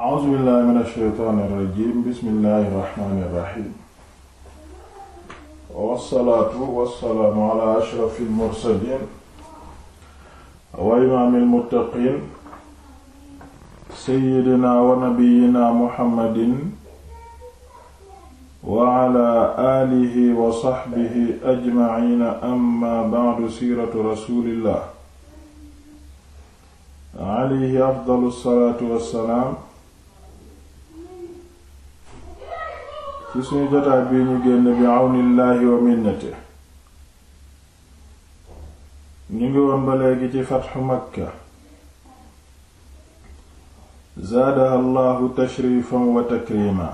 a'uuzu billahi min ash-shaytaani irrajim bismillahi irrahmani irrahim wassalaatu wassalaamu ala ashraf almursalin wa imaam almuttaqiin sayyidina wa nabiyina muhammadin wa ala aalihi wa saxbihi ajmaciina amma bacdu siiratu rasuulillah alayhi afdalu salaatu wassalaam ci suñu jotaay bii ñu génn bi àwnillaahi wa minnati ñu ngi woon ba léegi ci fatxu makka zaadaha allahu tashrifan wa takrima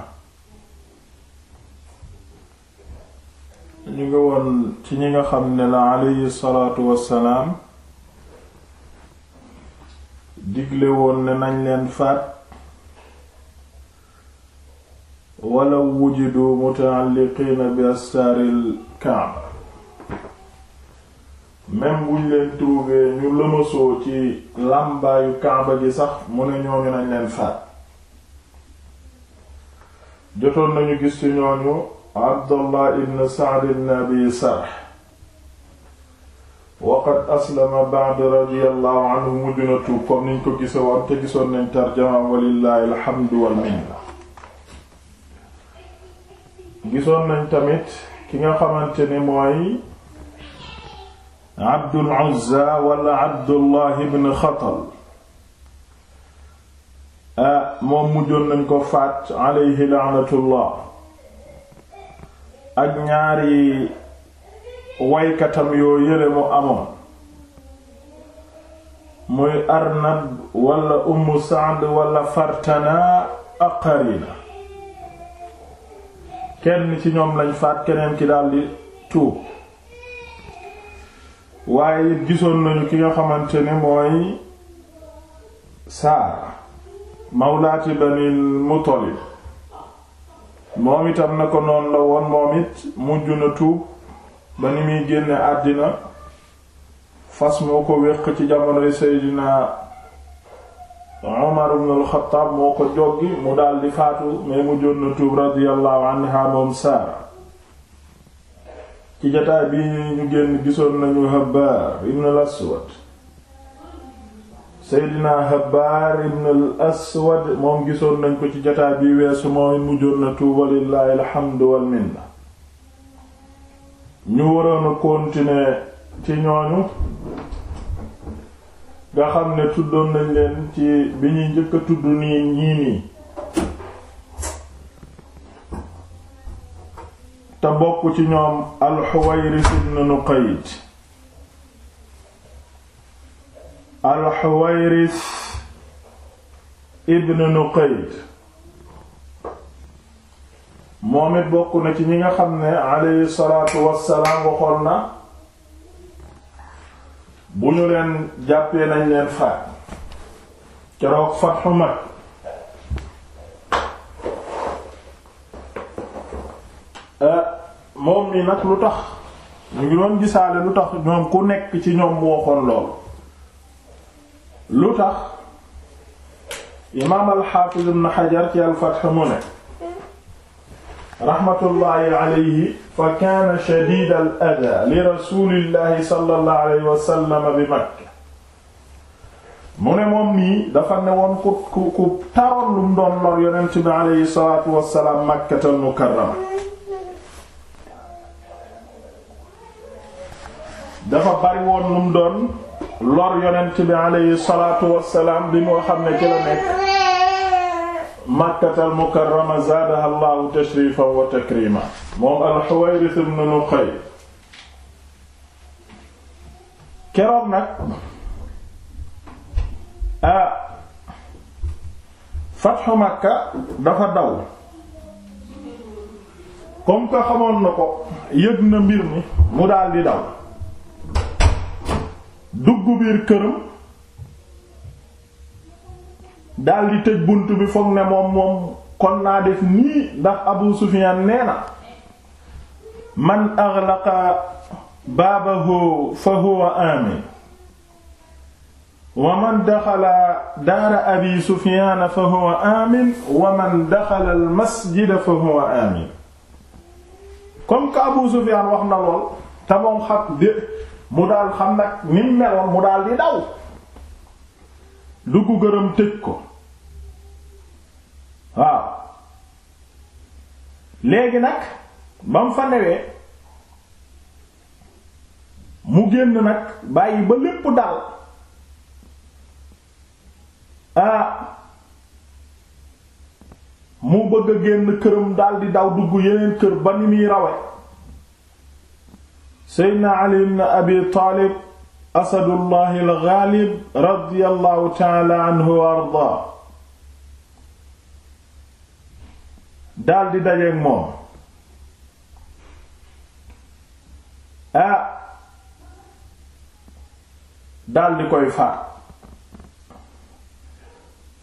ñu ngi woon ci ñi nga xam ne la alayhi salaatu wassalaam digle woon ne nañ leen faat walaw wujidu mutaalliqiina bi astaaril kaaba même buñ leen trouvé ñu lëmasoo ci làmbaayu kaaba gi sax mu ne ñooñu nañ leen faat jotoon nañu gis ci ñooñu abdullah ibn saad ibn abi sarh waqad aslama ba'd radiyallahu anhu na tuub comme niñ ko gise woon te gisoon nañ tarjamaam walillahi alhamdu wal minna gisoon nañ tamit ki nga xamante ni mooy Abdul Uzza wala Abdullah ibn Xatal ah moom mujjoon nañ ko faat alayhi laanatullah ak ñaari waykatam yoo yële mu amoon muy Arnab wala Umm Sa'd wala Fartana ak Qarina kenn ci ñoom lañ faat keneen ki daldi tuub waaye it gisoon nañu ki nga xamante ne mooy saara mawlaati banil muttalib moom itam na ko noonu la woon moom it mujj na tuub ba ni muy génne àddina fas moo ko wéq ci jamonoy seydina Umar moo ko joggi mu daldi faatu mais mu jonn tuub radiyallahu anha moom Saara ci jotaay bi ñu génn gisoon nañu Habbaar ibn aswad Seydina Habbaar ibn aswad moom gisoon nañ ko ci jotaay bi weesu mooy mu jonn tuub walillahi alhamdu wal minna ñu waroon a continuer ci ñooñu nga xam ne tuddoon nañ leen ci bi ñuy njëkk tudd nii ñii nii te bokk ci ñoom al-Huwayris ibn Nuqayd al ibn Nuqayd moom it bokk na ci ñi nga xam ne alayhi salaatu wassalaam waxoon na bu ñu leen jàppee nañ leen faat keroog fatxu mag euh, moom mi nag lu tax ñu ngi gisaale lu tax ñoom ku nekk ci ñoom waxoon lool lu tax imaam alxaafiz ibn xajar ci al fatx ne rahmatullahi alayhi fa kaana shadiid al adaa li rasuulillahi sallallahu alayhi wa sallam mu ne moom dafa ne woon ku ku ku taroon doon lor yonent bi alayhi salaatu wassalaam Makkatal Mukarrama dafa bari xam ne ci makkatal mukarrama zaadaha llahu tashrifan wa takrima moom al-Huwayrith ibn Nuqay keroog nag a fatxu makka dafa daw comme que xamoon na ko yëg na mbir mi mu daal di daw dugg biir këram daal tëj bunt bi foog ne moom moom kon naa def nii ndax Abu Sufyan nee na man aghlaqa baabahu fa huwa amin wa man daxala daara abi Sufyan fa huwa amin wa man daxala al fa huwa amin comme que Abu Sufyan wax na lool te xam dé mu daal xam nag ni mu mu daal di daw dugg gërëm tëj ko waaw léegi nag ba mu fa newee mu génn nag bàyyi ba lépp daal ah mu bëgg a génn këram daal di daw dugg yeneen kër ba ni muy rawe seydna ali ibn abi taalib asadullahi al ghalib radiyallahu ta'ala anhu wa ardaa daldi dajeek moom ah daldi koy faat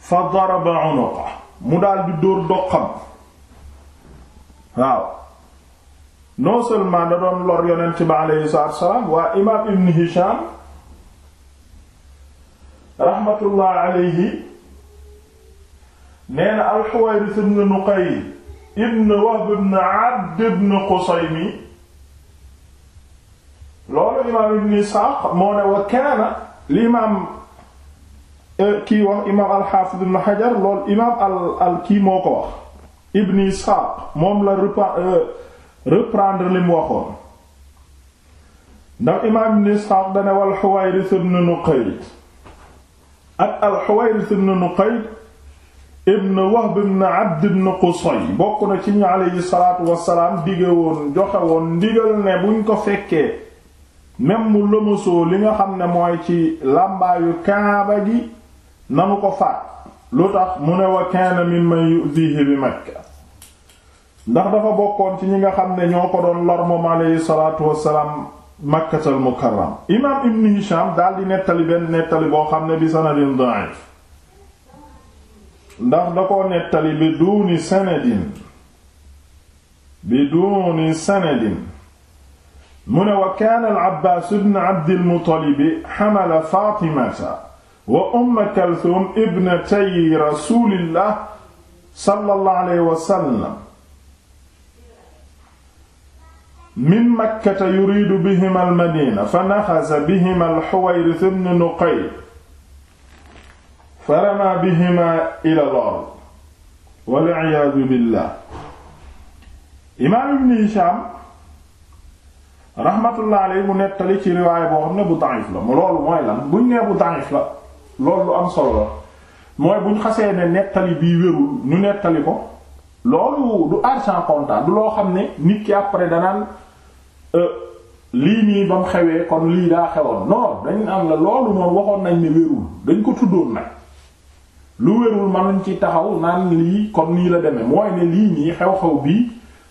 fa daraba unuqa mu daldi dóor doqam waaw non seulement da doon lor yonent bi waa imaam ibn Hisham rahmatullah aleyhi nee na al-Huwayrith ibn ibn Wahb ibn Abd ibn Qusaymi loolu imaam ibn Isxaaq moo ne wa li imaam eh, kii wax imaam al-Haafid ibn Hajar loolu imaam al al kii ibn Isxaaq moom la eh, reprendre li mu waxoon ndax ibn Isxaaq dane wal Huwayrith ibn Nuqayd ak al Huwayrith ibn Nuqayd ibn Wahb ibn Abd ibn Qusay bokk na ci ñu aleyhi salaatu wassalaam dige woon joxe woon ndigal ne buñ ko fekkee même mu li nga xam ne mooy ci làmbaayu kaaba gi nanu ko faat lu tax mu ne wa kaana mimman yu'dihi bi Makka ndax dafa bokkoon ci ñi nga xam ne ñoo ko doon lor moom aleyhi salaatu wassalaam Makkatal Mukarram Ibn Hisham daal di nettali benn nettali boo xam ne bi sanadin da'if ndax da ko nettali bi duuni sanadin bi duuni sanadin mu ne wa kaana al-Abbaas ibn Abdil Muttalib hamala Faatimata wa Umma Kalsuum ibnatay Rasuulillah sallallahu alayhi wa sallam min Makkata yuriidu bihimaa al-Madiina fa naxasa bihimaa al-Huwayrith ibn Nuqayl faramaa bihimaa ilal ard wal iyaadu billaah imaam ibn Hishaam rahmatullahi alayhi mu nettali ci riwaay boo xam ne bu da'if la mu loolu mooy lan buñ nee bu da'if la loolu lu am solo la mooy buñ xasee ne nettali bii wérul ñu nettali ko loolu du argent comptant du loo xam ne nit ki après danaan euh, lii nii ba mu xewee kon lii daa xewoon non dañ am la loolu noonu waxoon nañ ne wérul dañ ko tuddoon nag lu wérul mënuñ ci taxaw naan lii comme nii la demee mooy ne lii nii xew-xew bii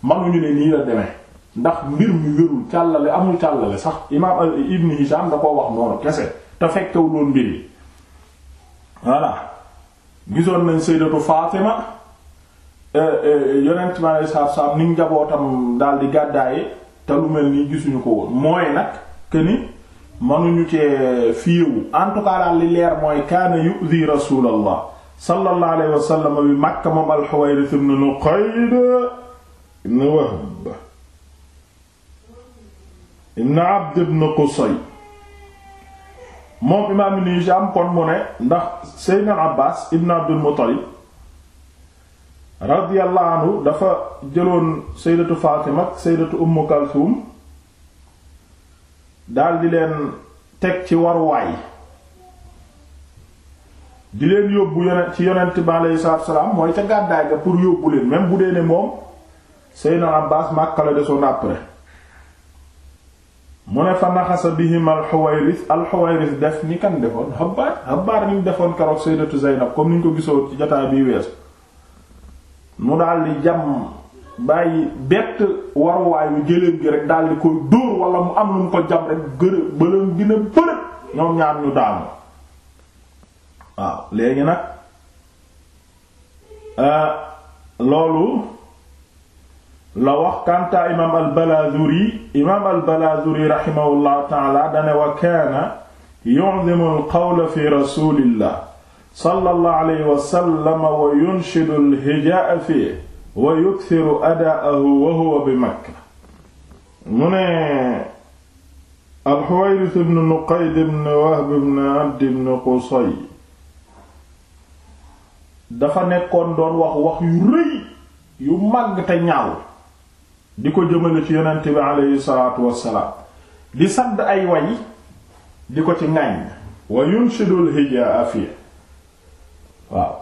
mënuñu ne nii la demee ndax mbir mi wérul càllale amul càllale sax imaam Ibn Hisham da koo wax noonu kese te fekkewul woon mbir yi voilà gisoon nañ sayyidatu Fatima eh, eh, yonent ma saab-saab ni njabootam daal di gàddaaye te lu mel nii gisuñu ko woon mooy nag que ni mënuñu cee fiiwu en daal li leer mooy kaana yu'zi rasulallah sallallahu alayhi wa sallam bi Makka moom al-Huwayrith ibn Nuqayd ibn Wahb ibn Abd ibn Qusay moom imaam Ibn Hishaam kon mu ne ndax Seydina Abbaas ibn Abdul Muttalib radiyallahu anhu dafa jëloon Sayyidatu Faatima ak Sayyidatu Umm Kalsuum daldi leen teg ci waruwaay di leen yóbbu yonent ci yonent bi aleyhi salaatu salaam mooy ca gàddaay ga pour yóbbu leen même bu dee ne moom Seydina Abbaas Makka la desoon après mu ne fa naxasa bihim alxuwayris alxuwayris def ni kan defoon xabaar xabaar ni mu defoon keroog Sayyidatu Zaynab comme ni ñu ko gisoo ci jotaay bi weesu mu daal di jàmm bàyyi bett waruwaay wi gëléem gi rek daal di koy dóor wala mu am lu mu ko jam rek gërë bëlam bërëb ñoom ñaar ñu daanu. waaw léegi nag euh, loolu la wax kanta imaam al-Balazuri imaam al-Balazuri raximahullahu taala dane wa kaana yu'zimu al-qawla fi rasulillah sallallahu alayhi wa sallam wa yunshidu al-hijaa'a fiihi wa yukthiru adaa'ahu wa huwa bi Makka mu ne al-Huwayrith ibn Nuqayd ibn Wahb ibn Abd ibn Qusay dafa nekkoon doon wax wax yu rëy yu màgg te ñaaw di ko jëmale ci yonent bi aleyhi salaatu wassalaam di sadd ay way di ko ci ŋàññ wa yunshidul hijaa fi waaw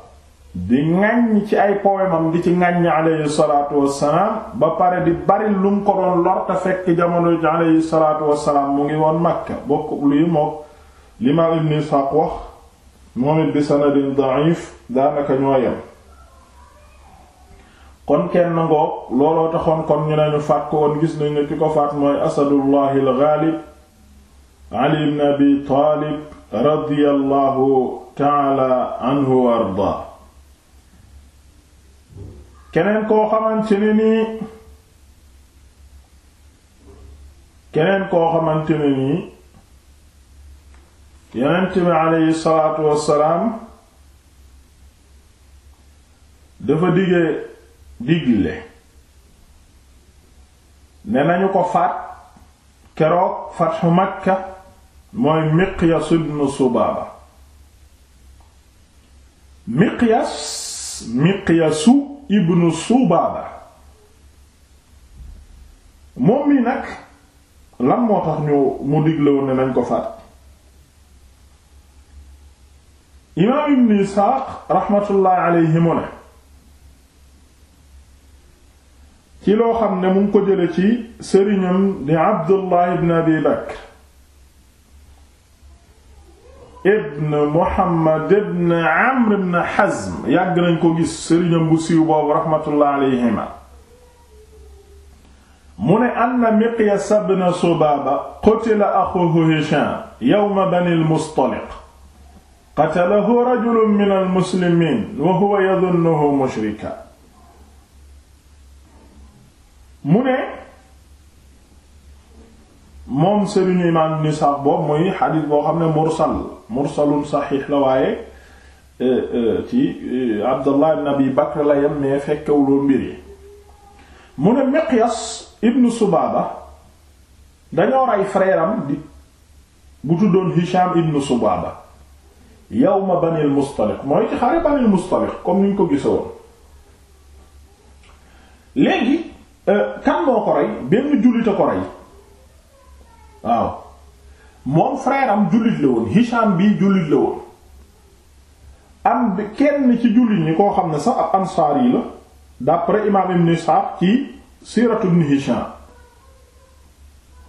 di ŋàññ ci ay poemam di ci ŋàññ aleyhi salaatu wassalaam ba pare di bari lu mu ko doon lor fekk jamono ji aleyhi salaatu wassalaam mu ngi woon Makka bokk lii mook li ma ibn Isxaaq wax moom it bi sanadin da'if daanaka ñoo yem kon kenn ngoog looloo taxoon kon ñu ne ñu faat ko woon gis nañu ne ki ko faat mooy asadullahi al-ghalib ali ibn abi taalib radiyallahu taala anhu wa ardaa keneen koo xamante nii keneen koo xamante nii yonent bi aleyhi salaatu wassalaam dafa digee digle ne nañu ko faat keroog fatxu makka mooy miqyas ibnu subaaba miqyas miqyasu ibnu subaaba moom mi nag lan moo tax ñu mu diglewu ne nañ ko faat imaam ibn Isxaaq raxmatullaahi alayhi mu ne ci loo xam ne mu ngi ko jële ci sëriñam di Abdullahi ibn Abi Bakr ibn Muhammad ibn Amr ibn Hazm yàgg nañ ko gis sëriñam bu siiw boobu raxmatullaahi alayhima mu ne anna Miqyas ibn Subaaba qutila axuhu Hishaam yawma Bani al-Mustaliq qatalahu rajulun min almuslimiin wa huwa yadunnuhu mushrika mu ne moom sëriñu imaam ibn boobu muy xadiis boo xam ne mursal mursalun saxiix la waaye e, e, ci e, Abdullah ibn Abi Bakr la yem ne fekkewuloo mbir yi mu ne Miqyas ibn Subaaba dañoo rey frère bu tuddoon Hisham ibn Subaaba yawma banil mustaliq mooy ci xare banil mustaliq comme ni ñu ko gisoon léegi euh, kan moo ko rey benn jullit a ko rey waaw moom frère jullit la woon Hisham bii jullit la woon am kenn ci jullit ñi koo xam ne sax ab ansaar la d'après imam Ibn Ishaq ci siiratu Ibn Hisham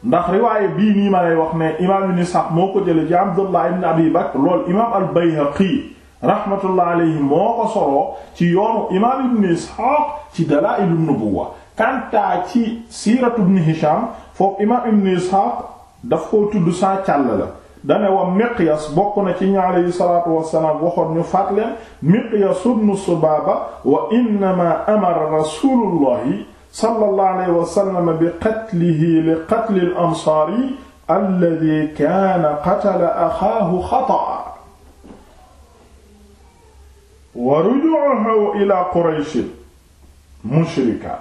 ndax riwaaye bii nii ma lay wax ne imaam ibn Isxaaq moo ko jële ci Abdullah ibn Abi Bakr lool imaam al-Bayhaqi rahmatullah alayhi moo ko soloo ci yoonu imaam ibn Isxaaq ci Dalaa'il an-Nubuwwa kantaa ci siiratu ibn Hisham foofu imaam ibn Isxaaq daf ko tudd saa càll la dane Miqyas bokk na ci ñi alayhi salaatu wassalaam waxoon ñu faat leen Miqyas ibn Subaaba wa innamaa amara rasuulullahi sallallahu alayhi wa sallam bi qatlihi li qatli al-ansaari alladhi kaana qatala axaahu xataa wa rujuuhu ila Quraysh mushrika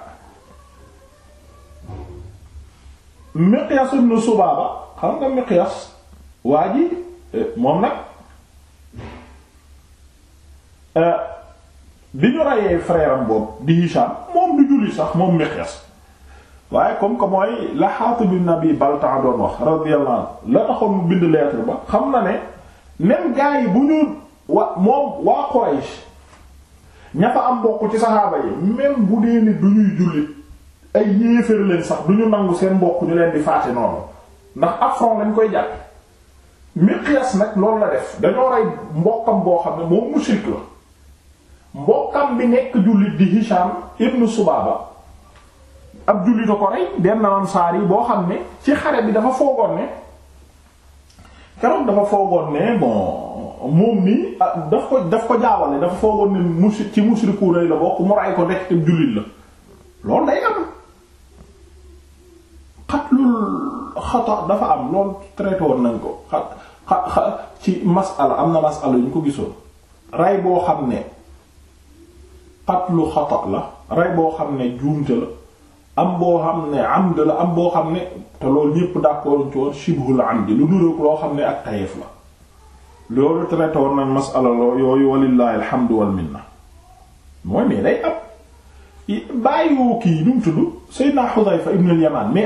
Miqyas ibn Subaaba xam nga Miqyas waa ji eh, moom nag eh, bi ñu reyee frère am boobu di Hisham moom du julli sax moom Miqyas waaye comme que mooy la bi ibn Abi doon wax radiyallahu la taxoon mu bind lettre ba xam na ne même gars yi bu ñu wa moom waa Quraysh ña fa am mbokk ci saxaaba yi même bu dee ni du ñuy jullit ay yéeféer leen sax du ñu nangu seen mbokk ñu leen di faate noonu ndax affront lañ koy jàpp Miqyas nag loolu la def dañoo rey mbokkam boo xam ne moom mushrik la mbokkam bi nekk jullit di Hisham ibnu Subaaba ab jullit a ko rey benn ansaar yi boo xam ne ci xare bi dafa foogoon ne keroog dafa foogoon ne bon moom nii ah, daf ko daf ko jaawale dafa foogoon ne musi ci musriku rëy la bokk mu ray ko nekk jullit la loolu day am xatlul xata dafa am lool traité nañ ko xat xa ci masala am na masala yu ñu ko gisoon rey boo xam ne lu xata la rey boo xam ne juumte la am boo xam ne amd am boo xam ne te loolu ñépp d'accord ci woon shibhul amd lu nuroog loo xam ne ak tayeef la loolu traité woon nañ masala yooyu walillahi alhamdu wal minna mooy mais day ab bàyyiwu kii nu mu tudd Seydina Xudayfa ibn al mais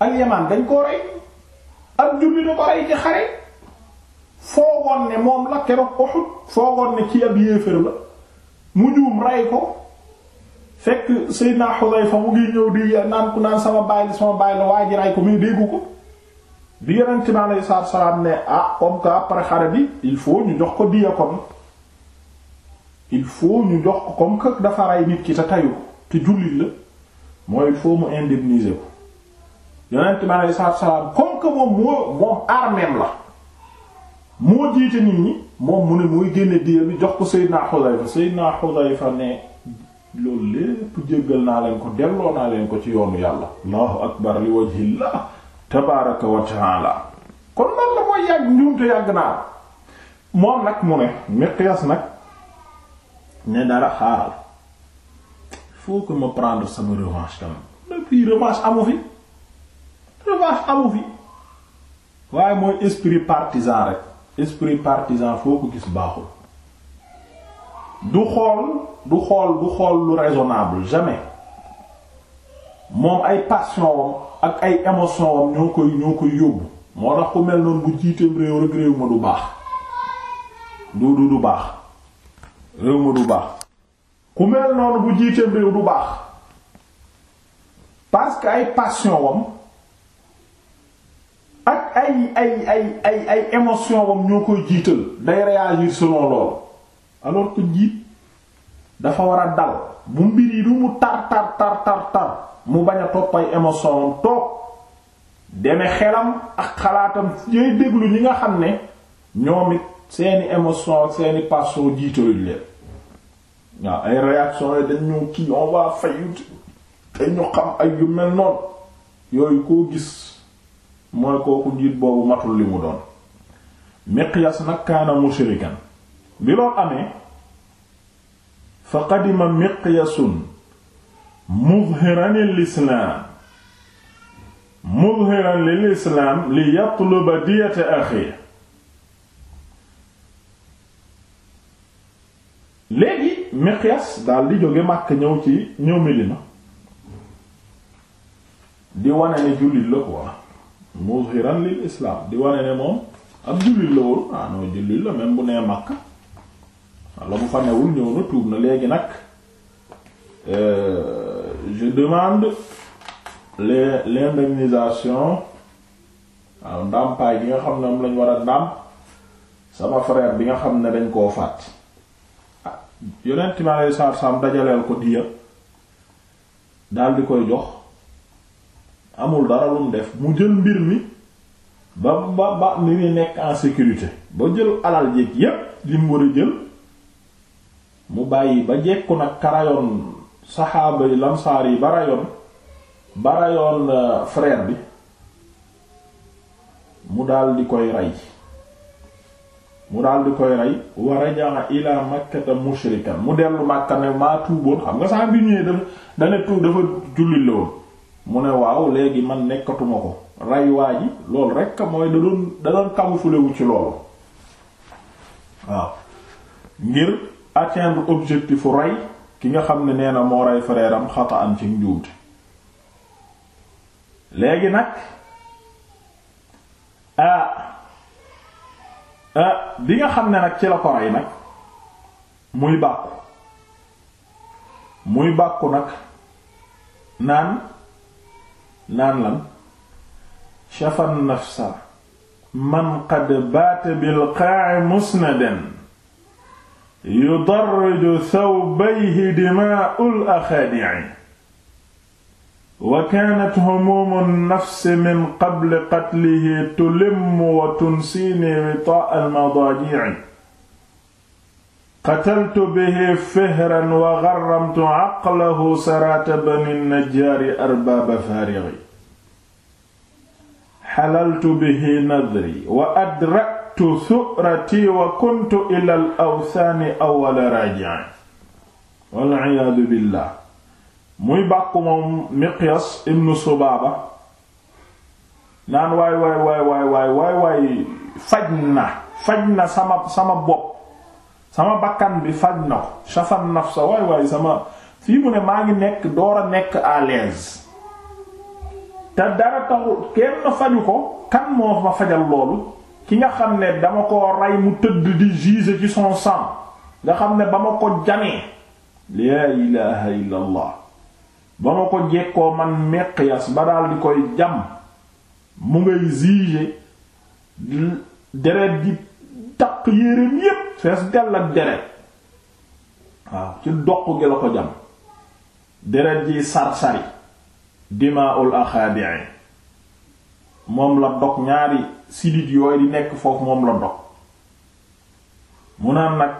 al-Yamaan dañ koo rey ab julli da ko ci xare foogoon ne moom la keroog Uhud foogoon ne ci ab yéefër la mu juum rey ko fekk Seydina Xudayfa mu ngi ñëw di naan ku naan sama baay la sama baay la waa ji rey ko muy déggu ko bi Yonent bi alayhi salaatu salaam ne ah comme que après xare bi il faut ñu jox ko diya kon il faut ñu jox ko comme que dafa rey nit ki te tayu ko te jullit la mooy il faut mu indemniser ko Yonent bi alayhi salaatu salaam comme que moom moo moom armeem la moo jiite nit ñi. moom mu ne muy génne diya bi jox ko Seydina Xudayfa Seydina Xudayfa ne loolu lépp jéggal naa leen ko delloo naa leen ko ci yoonu yàlla allahu akbar li wajhillah tabaaraka wa ta'ala kon loolu la mooy yàgg njuumte yàgg naa moom nag mu ne Miqyas nag ne dara xaaral faut que ma prendre sama revanche tamit depuis revanche amu fi revanche amu fi waaye mooy esprit partisan rek esprit partisan foo ko gis baaxul du xool du xool du xool lu raisonnable jamais moom ay passion wam ak ay émotion wam ñoo koy ñoo koy yóbbu moo tax ku mel noonu bu jiiteem réew réew ma du baax du du du baax réew ma du baax ku mel bu baax parce que ay passion wam ak ay ay ay ay wam ñoo koy jiital day réagir selon loolu alors que njiit dafa war a dal bu mbir yi lu mu tar tar tar tar mu bañ a topp ay émotion wam toog deme xelam ak xalaatam yay déglu ñi nga xam ne ñoom it seeni émotion ak seeni passion jiitaluñ leen waaw ay xam ay yu mel noonu yooyu koo gis mooy kooku njiit boobu matul li mu doon miqyas nag mushrikan bi loolu amee fa qadima miqyasun mudhiran islaam mudhiran islaam li yatluba diyata axi léegi miqyas daal jóge màkk ñëw ci ñëw Medina di wane ne jullit la quoi muzhiran lil islam di wane ne moom ab jullit la woon ah non jullit la même bu nee Makka walla ah, bu fa newul ñëw na tuub na léegi nag euh, je demande les l'indemnisation waaw ah, ndàmpaay bi nga xam ne moom lañ war a ndàmp sama frère bi nga xam ne dañ koo fàtt ah yonent mi aleyhi salaatu salaam dajaleel ko diya daal di koy jox amul dara lu mu def mu jël mbir mi ba ba ba mi ngi nekk en sécurité ba jël alal jéeg yépp li war a jël mu bàyyi ba jekku nag karayoon saxaaba yi lamsaar yi barayoon barayoon euh, frère bi mu dal di koy rey mu dal di koy rey wa raja'a ila makkata mushrikan mu dellu Makka ne maa tuuboon xam nga saa bi ñëwee dafa dafa julli la mu ne waaw léegi man nekkatuma ko rey waa ji loolu rekk mooy da doon da doon camoufler wu ci loolu waaw ngir atteindre objectif rey ki nga xam ne nee na moo rey frère am xata am ci léegi nag ah nga xam ne ci la ko rey nag muy bàkku muy bàkku nag naan naan lan shafan nafsa man qad baata bil qaa'i musnadan yudarriju thawbayhi dimaa'ul axaadi'i wa kaanat humuumu nafsi min qabli qatlihi tulimmu wa tunsiini witaa'a al madaaji'i qataltu bihi fihran wa gharramtu aqlahu sarata bani najjaari arbaaba faarighi xalaltu bihi nadri wa adraktu su'rati wa kuntu ila al awsaani awwala raaji'in wal iyaadu billah muy bàkku moom miqyas ibnu subaaba naan waay waay waay waay waay waay faj na faj na sama sama bopp sama bakkan bi faj na ko shafan nafsa waay waay sama fii mu ne maa ngi nekk door a nekk à l'aise te dara taxul kenn faju ko kan moo ma fajal loolu ki nga xam ne dama ko rey mu tëdd di gise ci son sang nga xam ne ba ma ko jamee laa ilaha illa allah ba ma ko jekkoo man meqyas ba daal di koy jam mu ngay gige deret di taq yéreem yépp fees dell ak deret waaw ci doq gi la ko jam deret ji sar-sari dimaul axaabii moom la dog ñaari sidit yooyu di nekk foofu moom la dog mu naan nag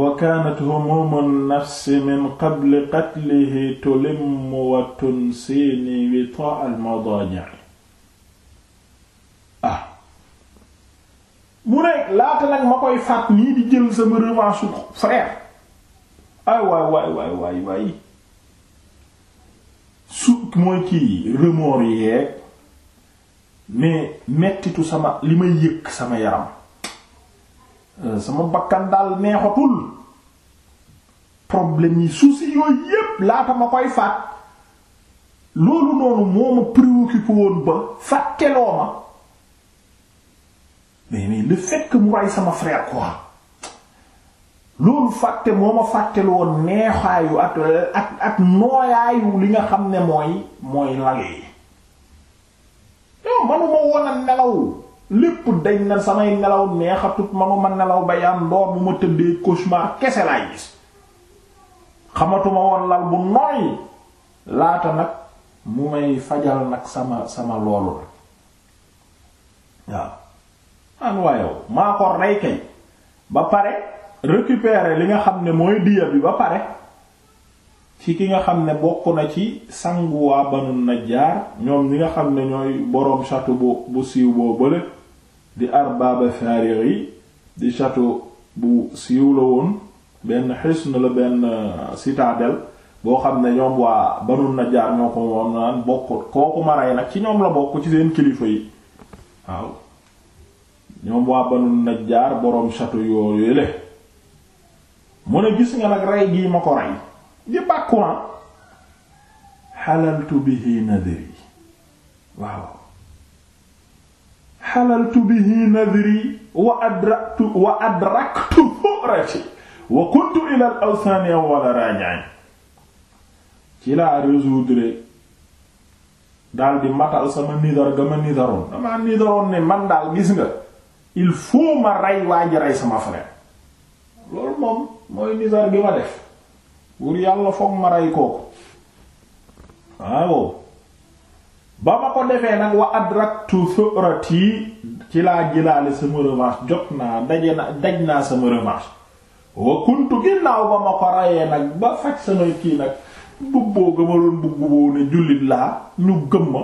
wa kaanat humumu nafsi min qabli qatlihi tulimmu wa tunsiini witaa al madaaji mu ne laata nag ma koy faat nii di jël sama revanche frère ay waay waay waay waay su mooy kii remords yeeg mais mettitu sama li may yëg sama yaram euh, sama bakkan daal neexatul problème yi soucis yooyu yépp laata ma koy faat loolu noonu moo ma préoccupé woon ba fàtteloo ma mais mais le fait que mu ray sama frère quoi loolu fàtte moo ma fàttelu woon neexaayu ak ak nooyaayu li nga xam ne mooy mooy lalee non manuma woon a nelaw lépp dañ na samay nelaw neexatut manuma nelaw ba yaan ndoor bu ma tëddee cauchemar kese laay gis xamatuma woon lal bu nooy laata nag mu may fajal nag sama sama loolu la waaw an waayow maa ko rey kay ba pare récupérer li nga xam ne mooy diya bi ba pare ci ki nga xam ne bokk na ci sangu waa Banu Najjaar ñoom ñi nga xam ne ñooy boroom château bu bu siiw boo bële di Arbaba Fariri di château bu siiw la woon benn xisn la benn euh, citadelle boo xam ne ñoom waa Banu Najjaar ñoo ko moom naan bokk kooku maray nag ci ñoom la bokk ci seen kilifa yi waaw ñoom waa Banu Najjaar boroom château yooyu le mu ne gis nga nag rey gii ma ko rey di bàkkuwaan xalaltu bihi nadri waaw xalaltu bihi nadri wa adraktu wa adraktu furati wa kuntu ila al awsani wala rajain ci laa résoudre daal di matal sama nidar ga ma nidaroon dama nidaroon ne man daal gis nga il faut ma rey waa ji rey sama frère loolu moom mooy nizar bi ma def pour yàlla foog ma rey kooku waaw ba ma ko defee nag wa adraktu surati ci laa jëlaale sama revanche jot naa daje na daj naa sama revanche wa kuntu ginnaaw ba ma ko reyee nag ba faj samay kii nag bubboo gëmaloon bubbu boo ne jullit laa ñu gëm ma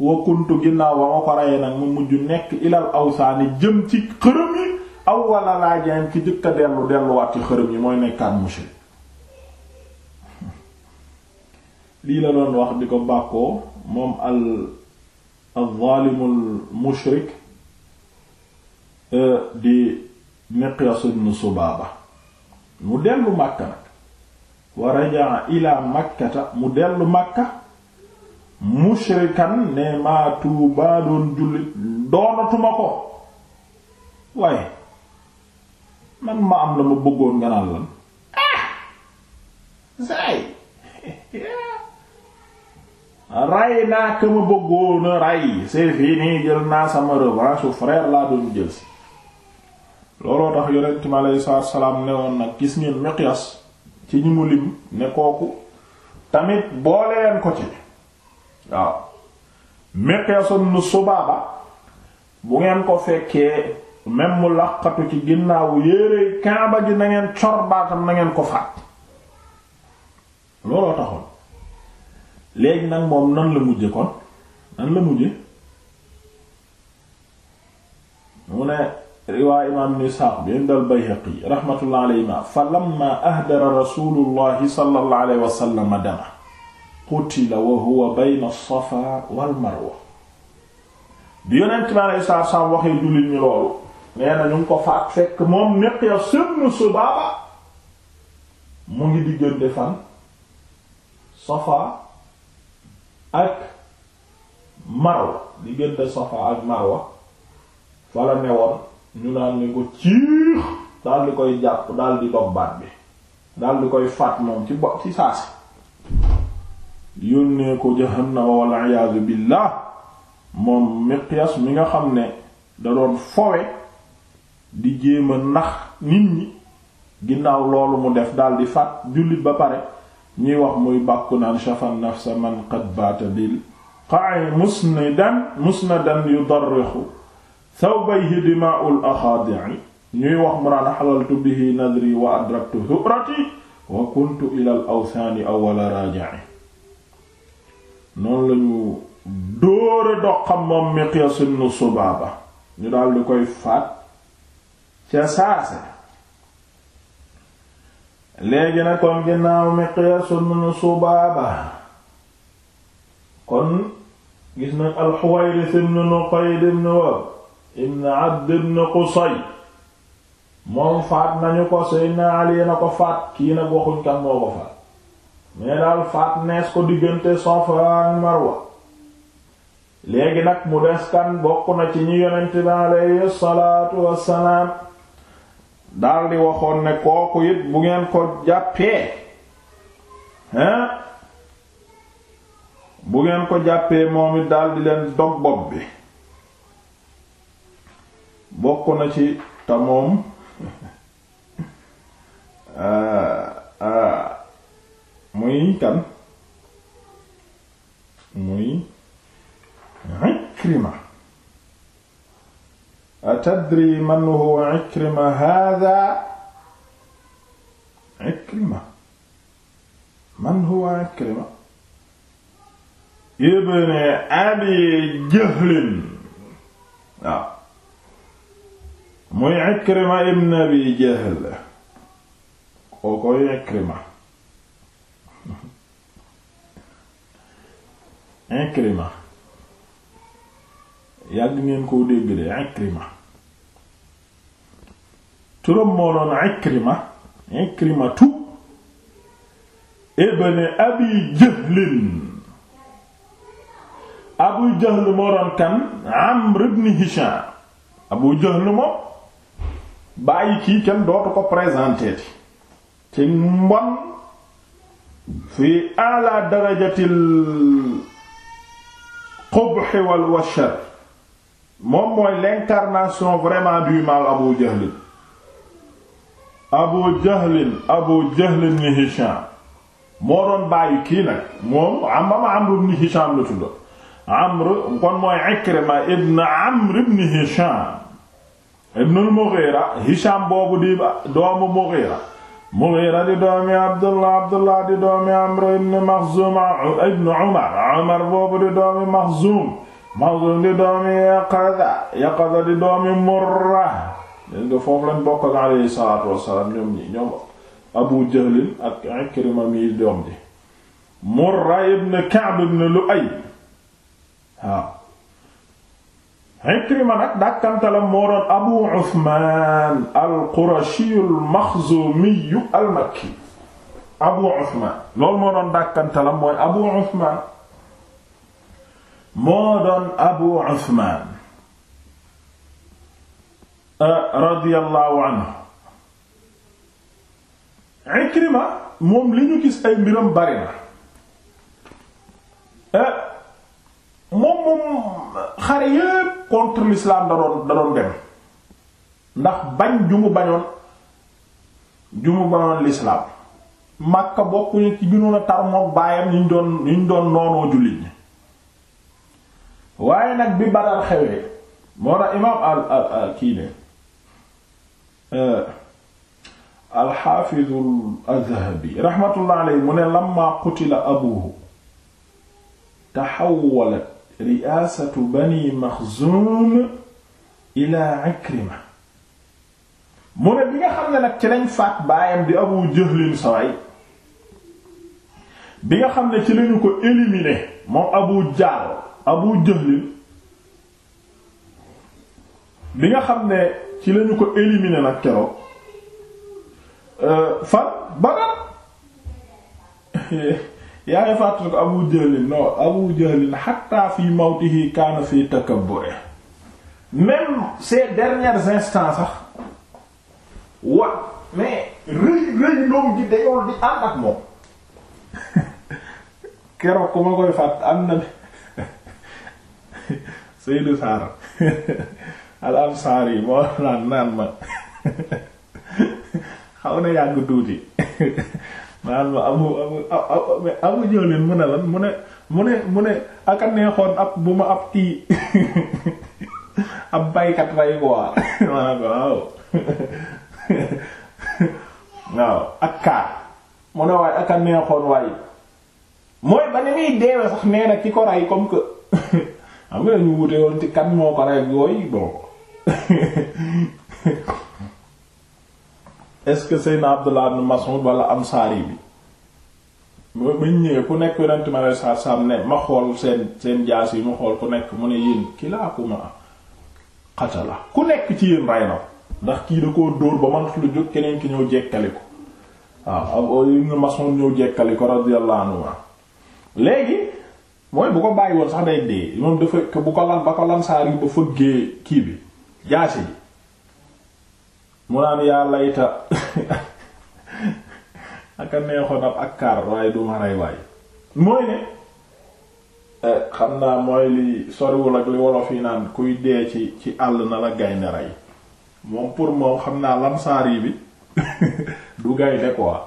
wokkuntu kuntu ginnaaw ba ma ko reyee nag mu mujj nekk ilal awsaani jëm ci xërëm yi aw wala laa ci jëkk a dellu delluwaat ci xërëm yi mooy nekkaat mushrik lii la doon wax di ko bàkkoo moom al al zaalimul e, di Miqyas ibn mu dellu Makka nag wa Makkata mu dellu Makka mushrikan ne maa tuubaa doon jullit doonatuma ko waaye man ma am la ma bëggoon nga naan lan ah ray naa ka ma bëggoon a ray c'est fini jël naa sama revanche frère laa doon jël si looloo tax yonent mi aleyhi salaatu salaam ne woon nag gis ngeen Miqyas ci ñi mu lim ne kooku tamit booleen ko ci waaw Miqyas ibn Subaaba bu ngeen ko fekkee même mu laqatu ci ginnaawu yére kaama ji nangeen ngeen cor na ngeen ko faat looloo taxoon léegi nag moom nan la mujje kon nan la mujje mu ne riwaay imaam Isaaq bi indal Bayhaqi rahmatullah alayhi ma fa lamma ahdara rasulullahi sallallahu alayhi wa sallam dama qutila wa huwa bayna safa wal marwa bi yonent bi aleyhi salaatu salaam waxee jullit ñu loolu nee na ngi ko faat fekk moom Miqyas ibn Subaaba mu ngi diggante fan safa ak marwa diggante safa ak marwa fa la newoon ñu naan ni ko ciix daal di koy jàpp daal di dog baat bi daal di koy faat moom ci bo ci saasi yónnee ko jahannama wal iyaadu billah moom miqyas mi nga xam ne da doon fowe di jéem a nax nit ñi ginnaaw loolu mu def daldi faat jullit ba pare ñuy wax muy bàkku naan shafa nafsa man qad baata bil qa'i musnadan musnadan yudarrixu thawbayhi dimaa'ul axaadi'i ñuy wax mu naan xalaltu bihi nadri wa adraktu hu'rati wa kuntu ila al awthaani awwala noonu lañu dóore doxam moom Miqyas ibn Subaaba ñu daal di koy faat ca saase léegi na kon ginnaaw Miqyas ibn Subaaba kon gis nañ al-Huwayrith ibn Nuqayd ibn Wahb ibn Abd ibn Qusay moom faat nañu ko Seydina Ali na ko faat kii nag waxuñ kan moo ko faat mais daal faat ko diggante Safa ak Marwa léegi nag mu des kan bokk na ci ñi yonent bi alayhi salaatu wassalaam daldi waxoon ne kooku it bu ngeen ko jàppee hein bu ngeen ko jàppee moom it daldi leen dog bopp bi bokk na ci te muy kan muy Ikrima atadri man huwa Ikrima haadaa Ikrima man huwa Ikrima ibn Abi Jahlin ah. muy Ikrima ibn Abi Jahl kookoy Ikrima Ikrima yàgg ngeen koo dégg de Ikrima turam moo doon Ikrima Ikrimatu ibn Abi Jahlin Abu Jahl moo doon kan Amr ibn Hisham Abu Jahl moom bàyyi kii kenn dootu ko présenté ci mbon fi ala darajatil qubhi wal washat moom mooy l'incarnation vraiment du mal Abu Jahl Abu Jahl Abu Jahl ibn Hisham moo doon bàyyi kii nag moom amama Amr ibn Hisham la tudd Amr kon mooy Ikrima ibn Amr ibn Hisham ibn al-Mughira Hisham boobu di doomu Mughira Mughira di doomi Abdullah Abdullah di doomi Amr ibn Maxzum ibn Umar Umar boobu di doomi Maxzum Maxzum di doomi Yaqaza Yaqaza di doomi Murra leen nga foofu lañ bokk ak alayhi salaatu wassalaam ñoom ñi ñoom Abu Jahl ak Ikrima mi doom ji Murra ibn Ka'b ibn Lu'ay waaw Ikrima nag dàkkantalam moo doon Abu Usmaan al-Qurashi al-Maxzumi al-Makki Abu Usmaan loolu moo doon dàkkantalam mooy Abu Usmaan moo doon Abu Usmaan eh, radiyallahu anhu Ikrima moom li ñu gis ay mbiram bari na eh, moom moom xare yépp contre l'islam da doon da doon dem ndax bañ ju bañoon ju mu bañoon l'islam Makka bokkuñu ci gënoon a tar moom ñu doon ñu doon noonoo jullit ñi waaye nag bi Badar xewee moo tax imaam al al al kii ne euh, alxaafizu raxmatullah alayhi mu ne lamma qutila abuhu taxawwalat riyaasatu bani maxzuum ila Ikrima mu ne bi nga xam ne nag ci lañ faat baayam di Abu Jahlin saway bi nga xam ne ci lañu ko éliminé moom Abu Jahl Abu Jahlin bi nga xam ne ci lañu ko éliminé nag keroog euh, fa Badar yaa ngi fàttali ko Abu Jahlin non Abu Jahlin hatta fi mawtihi kaana fi takabbur même ces derniers instants sax wa mais rëy rëy loom di ànd ak moom keroog ku ma koy fàtt am na Seydou Sarr al Ansari moo naan naan ma xaw na yàgg tuuti maanaam abu abu abu jëlin mu ne lan mu ne mu ne mu ne aka neexoon ab bu ma ab kii ab baykat rey quoi maanaam waaw waaw ak kaar mu ne waaye aka neexoon waaye mooy ba ni muy deewe sax nee na ki ko rey comme que xam nga ñu wute woon ci kan moo ko rey yooyu bon est-ce que Seydina Abdullah ibn Mas'ud wala Ansaari bi ba ba ñëwee ku nekk Yonent mi alayhi salaatu salaam ne ma xool seen seen jaas yi ma xool ku nekk mu ne yéen kilaakumaa qatala ku nekk ci yéen rey na ndax kii da koo dóor ba mënatu lu jóg keneen ki ñëw jekkali ko waaw Ibn Mas'ud ñëw jekkali ko radiyallahu anhu léegi mooy bu ko bàyyi woon sax day dee moom dafa bu ko lan ba ko Ansaari ba fëggee kii bi jaasi ji mu naan yaa layta aka neexoon ab akkaar waaye du rey waay mooy ne eh, xam naa mooy li soriwul ak li wolof yi naan kuy dee ci ci àll na la gaynde rey moom pour moom xam naa lan yi bi du gaynde quoi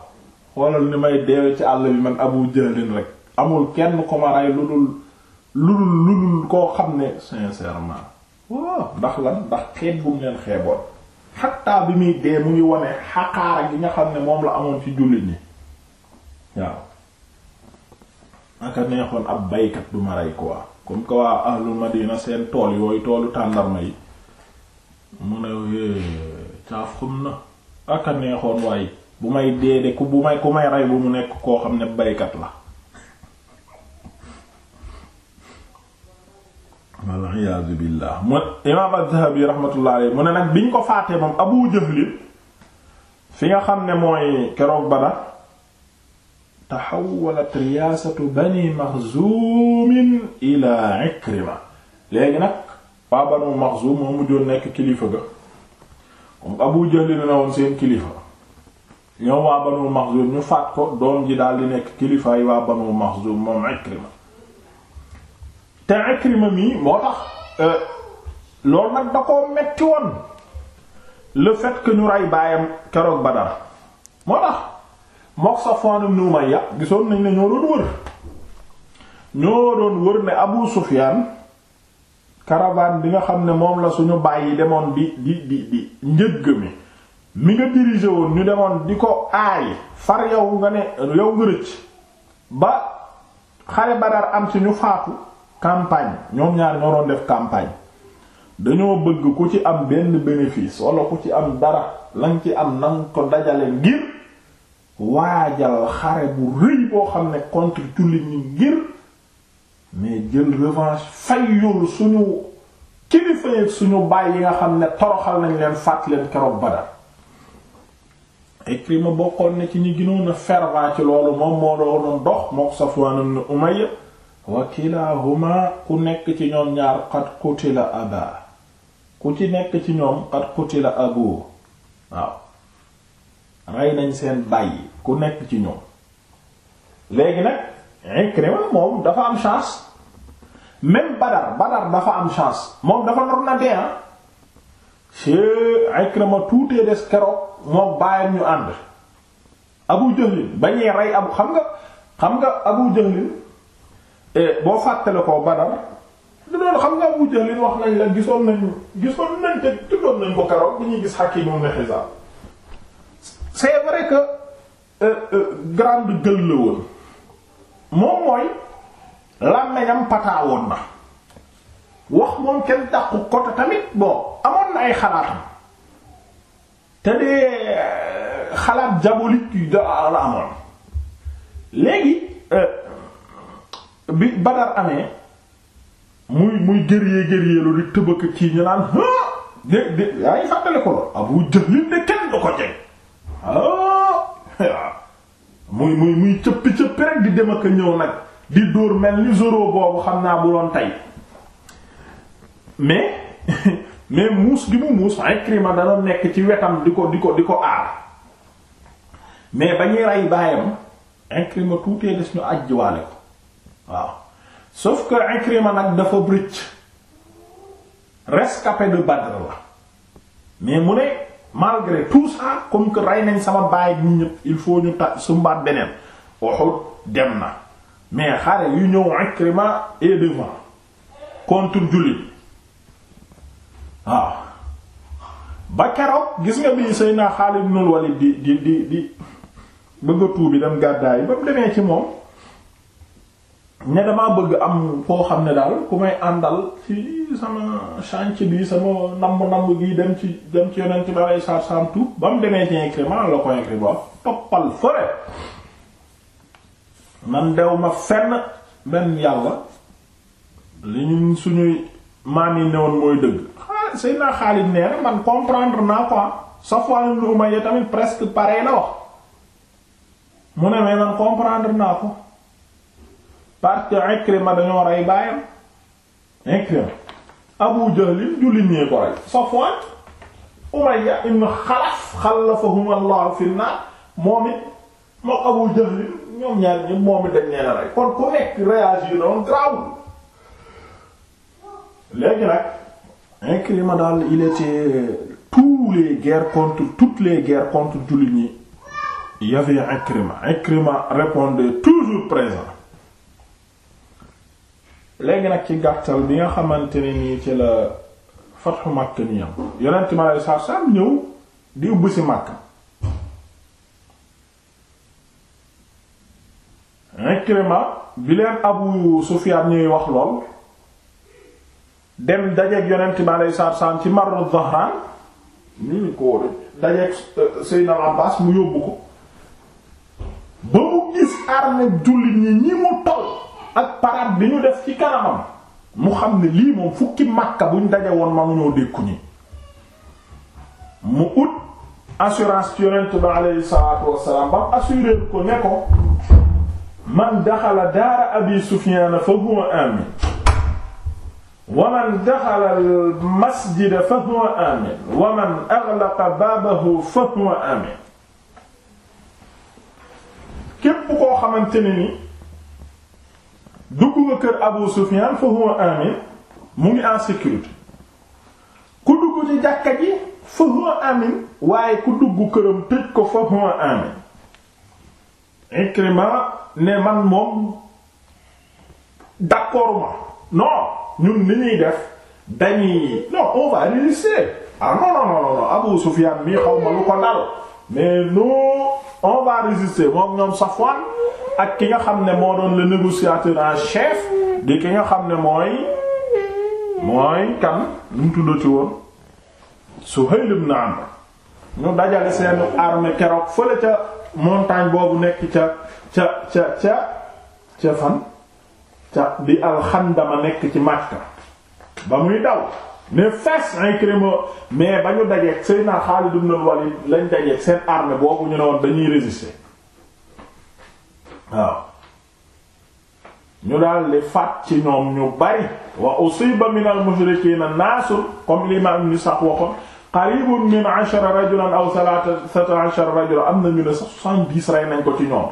xoolal ni may deewe ci àll bi man abu jëlin rek amul kenn ko ma rey lu dul lu dul lu dul koo xam ne sincèrement waaw ndax lan ndax xeet bu mu leen xeeboon xatta bi muy dee mu ngi wone xaqaara gi nga xam ne moom la amoon ci jullit ñi waaw aka neexoon ab baykat du ma rey quoi comme que waa ahlul madina seen tool yooyu toolu tàndarma yi mu ne eh, caaf xum na aka neexoon waaye bu may dee de ku bu may ku may rey bu mu nekk koo xam ne baykat la wal iyaazu billaah imaam az-Zahabi mu ne nag biñ ko faatee moom Abu Jahl fi nga xam ne mooy keroog Badar taxawalat riyaasatu bani Maxzuum ila Ikrima léegi nag waa banu Maxzuum moo mujjoon nekk kilifa ga comme Abu Jahl dina woon seen kilifa ñoom waa banu Maxzuum ñu faat ko doom ji daal di nekk kilifaay waa banu Maxzuum moom Ikrima te Ikrima mii moo tax euh, loolu nag da koo metti woon le fait que ñu rey baayam keroog Badar moo tax mook Safwan ibn Umayya gisoon nañ ne ñoo doon wër ñoo doon wër ne Abu Sufyaan caravane bi nga xam ne moom la suñu bàyyi demoon di di di di njëgg mi nga dirigé woon ñu demoon di ko aay far yow nga ne yow nga rëcc ba xare Badar am ci ñu faatu campagne ñoom ñaar ñoo doon def campagne dañoo bëgg ku ci am benn bénéfice wala ku ci am dara lañ ci am nan ko dajale ngir waajal xare bu rëy boo xam ne contre jullit ñi ngir mais jël revanche fayyul suñu kilifa yi suñu baay yi nga xam ne toroxal nañ leen fàtt leen keroog Badar écrit ma bokkoon na ci ñu gënoon a fervent ci loolu moom moo doon dox mook Safwan ibn Umayya wa kilahuma ku nekk ci ñoom ñaar qad la aba ku ci nekk ci ñoom qad qutila abu waaw rey nañ seen bàyyi ku nekk ci ñoom léegi nag Ikrima moom dafa am chance même Badar Badar dafa am chance moom dafa nar na dee ah. ci Ikrima tuutee des keroog moo bàyyam ñu ànd Abu Jahl bañee rey abu xam nga xam nga Abu Jahl boo fàttale ko Badar du doon xam nga Abu Jahl wax nañ la gisoon nañ gisoon nañ te tuddoon nañ ko keroog bu ñuy gis Hakim ibn Hizam c'est vrai que euh, euh, grande gueule la woon moom mooy làmmeñam pataa na wax moom kenn dàqu ko tamit bon amoon na ay xalaatam te dee euh, xalaat diabolique yu da la amoon léegi bi Badar amee muy muy gërëyee gërëyee lu di tëbëkk kii ñu naan dé dé yaa ngi fàttale ko lool Abu Jahl ne kenn du ko jeg ah muy muy muy cëppi cëppi rek di dem ak ñëw nag di dóor mel ni soro boobu xam naa bu doon tey mais mais muus gi mu muus ah, Ikrima dana nekk ci wetam di ko di ko di ko aar mais ba ñuy rey baayam Ikrima tuutee des ñu àjjiwaale ko waaw sauf que Ikrima nag dafa rëcc rescapé de Badr la mais mu ne malgré tout ça comme que rey nañ sama baay bi ñëpp il faut ñu ta sumbaat beneen Uhud dem na mais xare yu ñëw Ikrima est devant contre jullit waaw ba keroog gis nga bi Seydina Xaalid ibn Walid di di di di bëgg a tuubi dem gàddaay ba mu demee ci moom ne damaa bëgg am koo xam ne daal ku may àndal ci sama chantier bii sama namb namb gii dem ci dem ci yonent bi alei satu salaam tuub ba mu demee ci incrément la ko incrément toppal fëre man dew ma fenn benn yàlla li ñun suñuy maam yi newoon mooy dëgg a sëy naa Xaalid nee man comprendre naa quoi Safwan ibn Umayya tamit presque pareil la wax mu ne mais man comprendre naa ko parce que Ikrima dañoo rey baayam Ikrima Abu Jahl jullit ñee ko rey Safwan Umayya ibn Xalaf xalafahum Allah fi moom it moom Abu Jahl ñoom ñaar ñi moom it dañ nee na kon ku nekk réagir noonu grawul léegi nag Ikrima daal il était tous les guerres contre toutes les guerres contre jullit ñi il y avait Ikrima toujours présent léegi nag ci gàttal bi nga xamante ne nii ci la fatxu Makka ni am yonent ma lay saar ñëw di ubbi si Makka Ikrima bi leen Abu Sufyaan ñuy wax lool dem dajeeg yonent ma lay saar ci Marru Zahraan ñu ni ko dajeeg euh, Seydina Abbaas mu yóbbu ko ba mu gis armée jullit ñi ñi mu toll ak parade bi ñu def ci kanamam mu xam ne lii moom fukki makka buñ daje woon manuñoo dékku ñi mu ut assurance ci bi aleyhi salaatu wassalaam bam assuré ko ne ko man daxala daara abi sufyaan fa huwa amin wa man daxala al masjid fa huwa amin wa man aghlaqa baabahu fa huwa amin képp koo xamante ne dugg nga kër Abu Sufyan fa huwa amin mu ngi en sécurité ku dugg ci jàkka ji fa huwa amin waaye ku dugg këram tëj ko fa huwa amin Ikrima ne man moom d'accord ma ñun ni ñuy def dañuy non on va résister ah non Abu Sufyan mii xaw ma lu ko dal mais nous on va moom ñoom Safwan ak ki nga xam ne moo doon la négociateur en chef di ki nga xam ne mooy mooy kan lu mu tuddati woon Suhayl ibn Amr ñu dajale seenu armée keroog fële ca montagne boobu nekk ca ca ca ca ca fan ca bi alxandama nekk ci Makka ba muy daw ne fes Ikrima mais ba ñu dajeeg Seydina Xaalid ibn Walid lañ dajeeg seen boobu ñu ne woon dañuy résister waaw ñu daal di faat ci ñoom ñu bari wa usiba min al mushrikiina naasun comme l'imam ibn Sa'd waxoon qaribun min ashara rajulan aw thalathata ashara rajulan am na ñu ne sax soixante rey nañ ko ci ñoom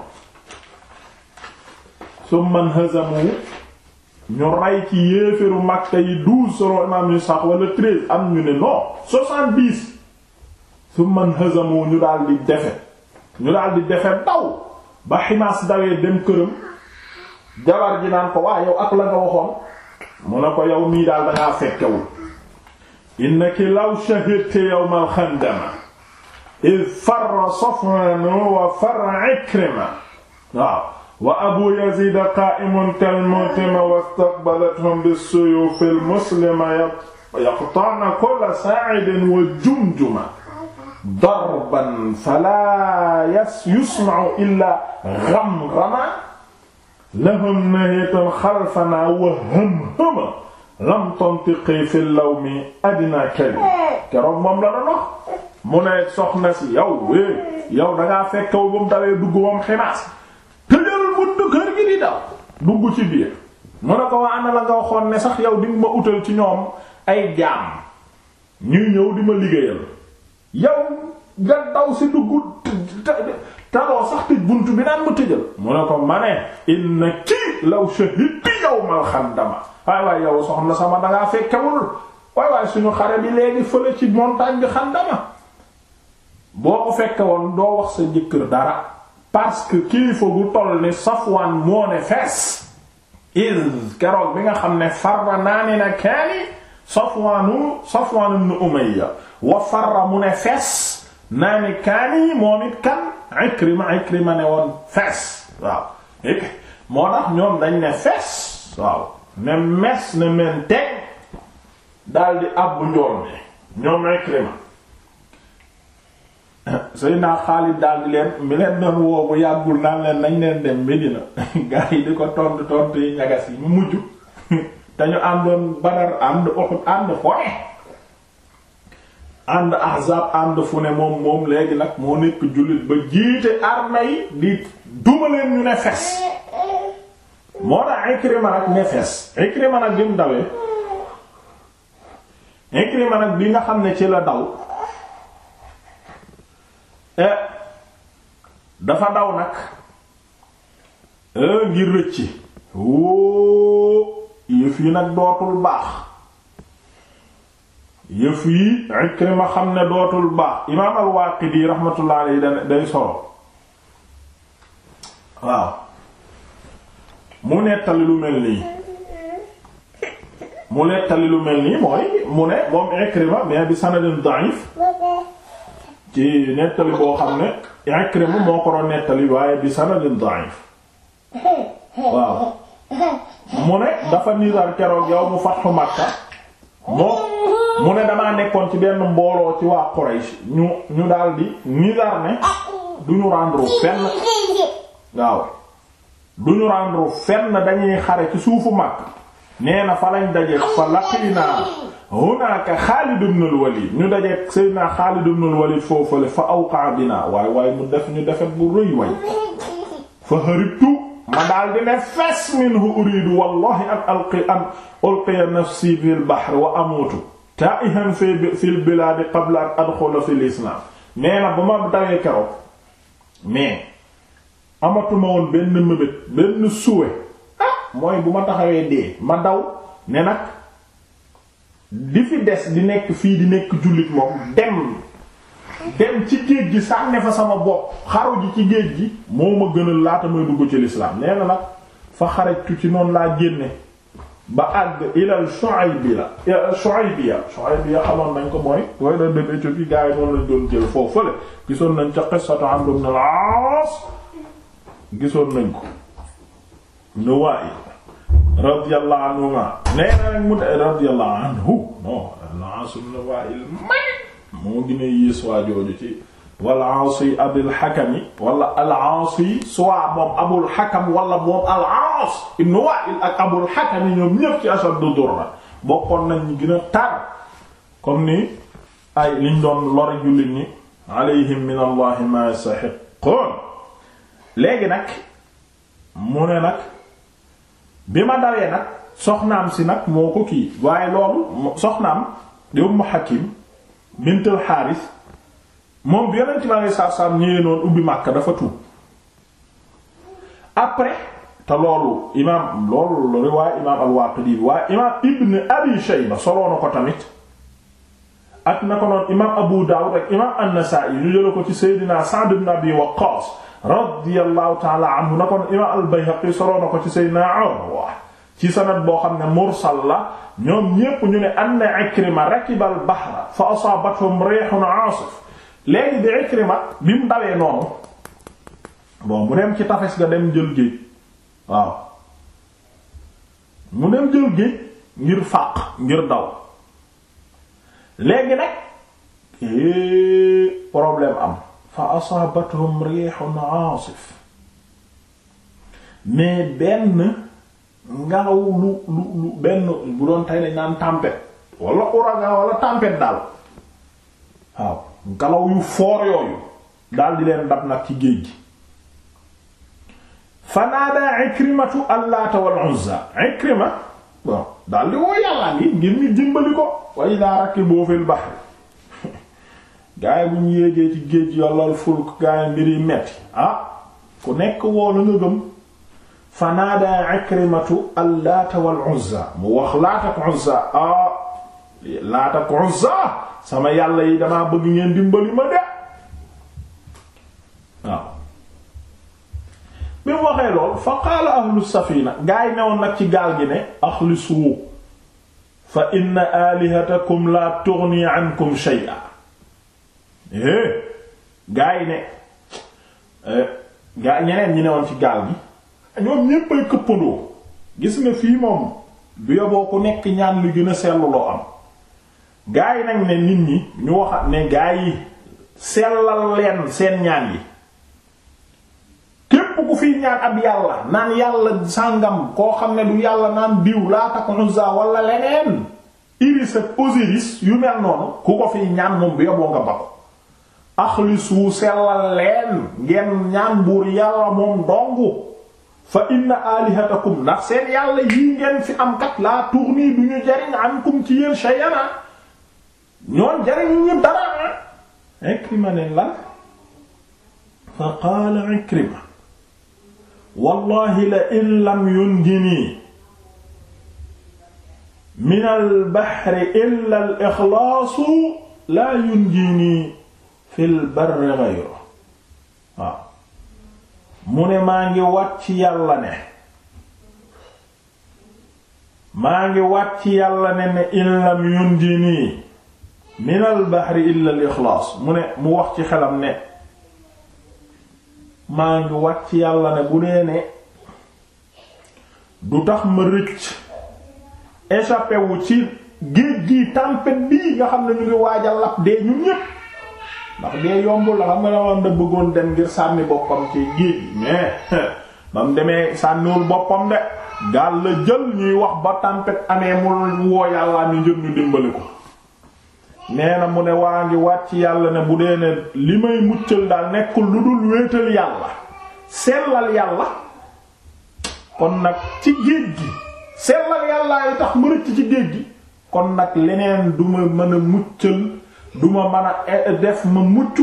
summa hazamu ñu rey ci yéeféru Makka yi douze selon imam wala treize am ñu ne non soixante-dix su man hazamu ñu daal di defe ñu daal di defe daw ba ximaas dawee dem këram jabar ji naan ko waa yow ak la nga mu ne ko yow mii daal dangaa fekkewul innaki law shahidta yawm al-khandama id farra Safwan wa farra Ikrima waaw wa abu yazid qaa'imun kalmutima wastaqbalathum bissuyuufi almuslima yaqta'na kulla saa'idin wa jumjuma darban falaa yusma'u illaa ghamghaman lahum nahiitun xalfanaa wa hamhama lam tantiqi fi lawmi adnaa kalima keroog moom la doon wax mu ne soxna si yow eh, yow dangaa fekk ba mu dawee dugg moom Himaas di daw dugg ci biir mu ne ko waa na la nga waxoon ne sax yow di ma utal ci ñoom ay jaam ñuy ñëw di ma liggéeyal yow nga daw si dugg taloo sax tëj buntu bi naan ma tëjal mu ne ko ma ne inna kii law shahidti yawmal xandama waay waay yow soxna sama dangaa fekkewul waay waay suñu xare bi léegi fële ci montagne bi xandama boo ko fekke woon doo wax sa jëkkër dara parce que kilifa gu toll ni Safwan moo ne fees iz keroog bi nga xam ne farra naani na kaani Safwaanu Safwaan ibn Umayya wa farra mu ne fees naani kaani moom it kan Ikrima Ikrima ne woon fees moo tax ñoom dañ ne fees ne mes ne men teg daal di abbu njool mi ñoom Ikrima Seydina Xaalid daal di leen mi leen doon woo bu yàggul naan leen nañ leen dem Medina gars yi di ko tontu tontu yi ñagas yi mu mujj dañu àndoon Badar ànd Uhud ànd fone ànd Ahzab ànd fu ne moom moom léegi nag moo nekk jullit ba jiite armée yi di duma leen ñu ne fes moo tax Ikrima nag ne fes Ikrima nag bi mu dawee Ikrima nag bi nga xam ne ci la daw Eh, dafa daw nag eh, ngir rëcci wóo yëf yi nag dootul baax yëf yi Ikrima xam ne dootul baax imaam al-Waaqidi raxmatullahi alayhi da day solo waaw mu nettali lu mel nii mu nettali lu mel nii mooy mu ne moom Ikrima mais bi sanadin da'if ci nettali boo xam ne Ikrima moo ko doon nettali waaye bi sanadin da'if waaw mu ne dafa nizar keroog yow mu fatxu Makka moo mu ne damaa nekkoon ci benn mbooloo ci waa Quraysh ñu ñu daldi nizar ne duñu rendre fenn waaw duñu rendre fenn dañuy xare ci suufu Makka nee na fa lañ daje fa hunaaka Xaalid ibn al-Walid ñu dajeeg Seydina Xaalid ibn al-Walid foofale fa awqaa binaa waaye waaye mu def ñu defet bu rëy way fa haribtu ma daal di ne fes minhu uridu wallahi an alqi an ulqiya nafsi fil bahr wa amutu taa'ihan fil bilaadi qabla an adxula fil nee na ba ma dawee keroog mais amatuma woon benn mëbët benn suwe ah, mooy bu ma taxawee dee ma daw ne nag di fi des di nekk fii di nekk jullit moom dem dem ci géej gi sànne fa sama bopp xaru ji ci géej gi moo ma gënal laata may dugg ci lislaam nee na nag fa xarajtu ci noonu laa génne ba àgg ilal Shuaybiya Shuaybiya Shuaybiya xamoon nañ ko mooy wooy la dem Éthiopie gars yi noonu lañ doon jël foofu fële gisoon nañ ca qissatu Amr ibn al-Aas gisoon nañ ko nuwaa yi radiyallahu anhuma nee na nag mu ne radiyallahu anhu non al-Aas ibn Waa'il may moo gën a yées waa jooju ci wal-Aas Abul Hakam wala al-Aas soit moom Abul Hakam wala moom al-Aas ibn Waa'il ak Abul Hakam ñoom ñëpp ci ashaddu durra bokkoon nañ ñu gën a tar comme ni ay liñ doon lore jullit ñi alayhim min Allah ma yastahiqun léegi nag mu ne nag bi ma dawee nag soxnaam si nag moo ko kii waaye loolu soxnaam di Ummu Hakim bintul Haaris moom bi yonent bi alayhi salaatu salaam ñëwee noonu ubbi Makka dafa tuub après te loolu imaam loolu riwaay imaam al waaye imaam Ibn Abi Shayba soloo ko tamit ak na ko noonu imaam Abu Daawud ak imaam An-Nasaa'i ñu jëla ko ci Seydina Sa'd ibn Abi radiyallahu taala anhu na kon imam al-Bayhaqi soloo na ko ci Seydina Urwa ci sanad boo xam ne mursal la ñoom ñépp ñu ne anna Ikrima rakiba al-bahra fa asaabathum rihun aasif léegi di Ikrima bi mu dawee noonu bon mu dem ci tafes ga dem jël géej waaw mu dem jël géej ngir fàq ngir daw léegi nag eh, problème am fa asaabathum riixun aasif mais benn ngelaw lu lu lu benn bu doon tey dañ naan tempête wala ouragan wala tempête daal waaw ngelaw yu foor yooyu daal di leen dab nag ci géej gi fanaadaa Ikrimatu Allaata wal Uzza Ikrima bon daal di woo yàlla ngi ngir ñu dimbali ko wa idaa rakibu fil bahri gaa yi bu ñu yéegee ci géej yollool fulk gaa yi mbir metti ah ku nekk woo la nga gëm fa naadaa Ikrimatu al Laata wal Uzza mu ah, sama yàlla yi damaa bëgg ngeen dimbali ma de bi mu waxee lool fa qaala ahlu safina gaa yi newoon nag ci gaal gi ne axlisu fa inna aalihatakum laa tughni ankum shay'a é eh, gaa yi ne eh, gaa ñeneen ñi ne woon ci gaal gi ñoom ñépp këppandoo gis nga fii moom bu yoboo ku nekk ñaan lu gën a sellu loo am gaa yi nag ne nit ñi ñu wax ne gaa yi sellal leen seen ñaan yi képp ku fiy ñaan ab yàlla naan yàlla sàngam koo xam ne du yàlla naan diw laata ko Uzza wala leneen Iris ak Osiris yu mel noonu ku ko fiy ñaan moom bu yoboo nga ba axlisu sellal leen ngeen ñaan buur yàlla moom dongu fa inna alihatakum ndax seen yàlla yii ngeen fi am kat laa tournii du ñu jariñ ankum ci yéen shayana ñoon jariñu ñu dara ah Ikrima ne la fa qaala Ikrima wallahi la in lam yunjini min al bahri illa al ikhlaasu la yunjini fil barri ghayru mu ne maa ngi wat ci yàlla ne maa ngi wat ci yàlla ne ne in lam yunjini min al bahri illa al ixlaas mu ne mu wax ci xelam ne maa ngi wat ci yàlla ne bu dee ne du tax ma rëcc échappé ci géej gi tempête bii nga xam ne ñu ngi waajal lap dee ñun ñépp ndax dee yombul la xam nga la woon bëggoon dem ngir sànni boppam ci géej mais ba mu demee sànniwul boppam de gaal la jël ñuy wax ba tempête amee mu woo yàllaa ñu njër ñu ko nee na mu ne waa ngi wàcc yàlla ne bu dee ne li may muccal daal nekkul lu dul wéetal yàlla sellal yàlla kon nag ci géej gi sellal yàllaa tax ma ci géej gi kon nag leneen duma mën a muccal duma mën a eh, def ma mucc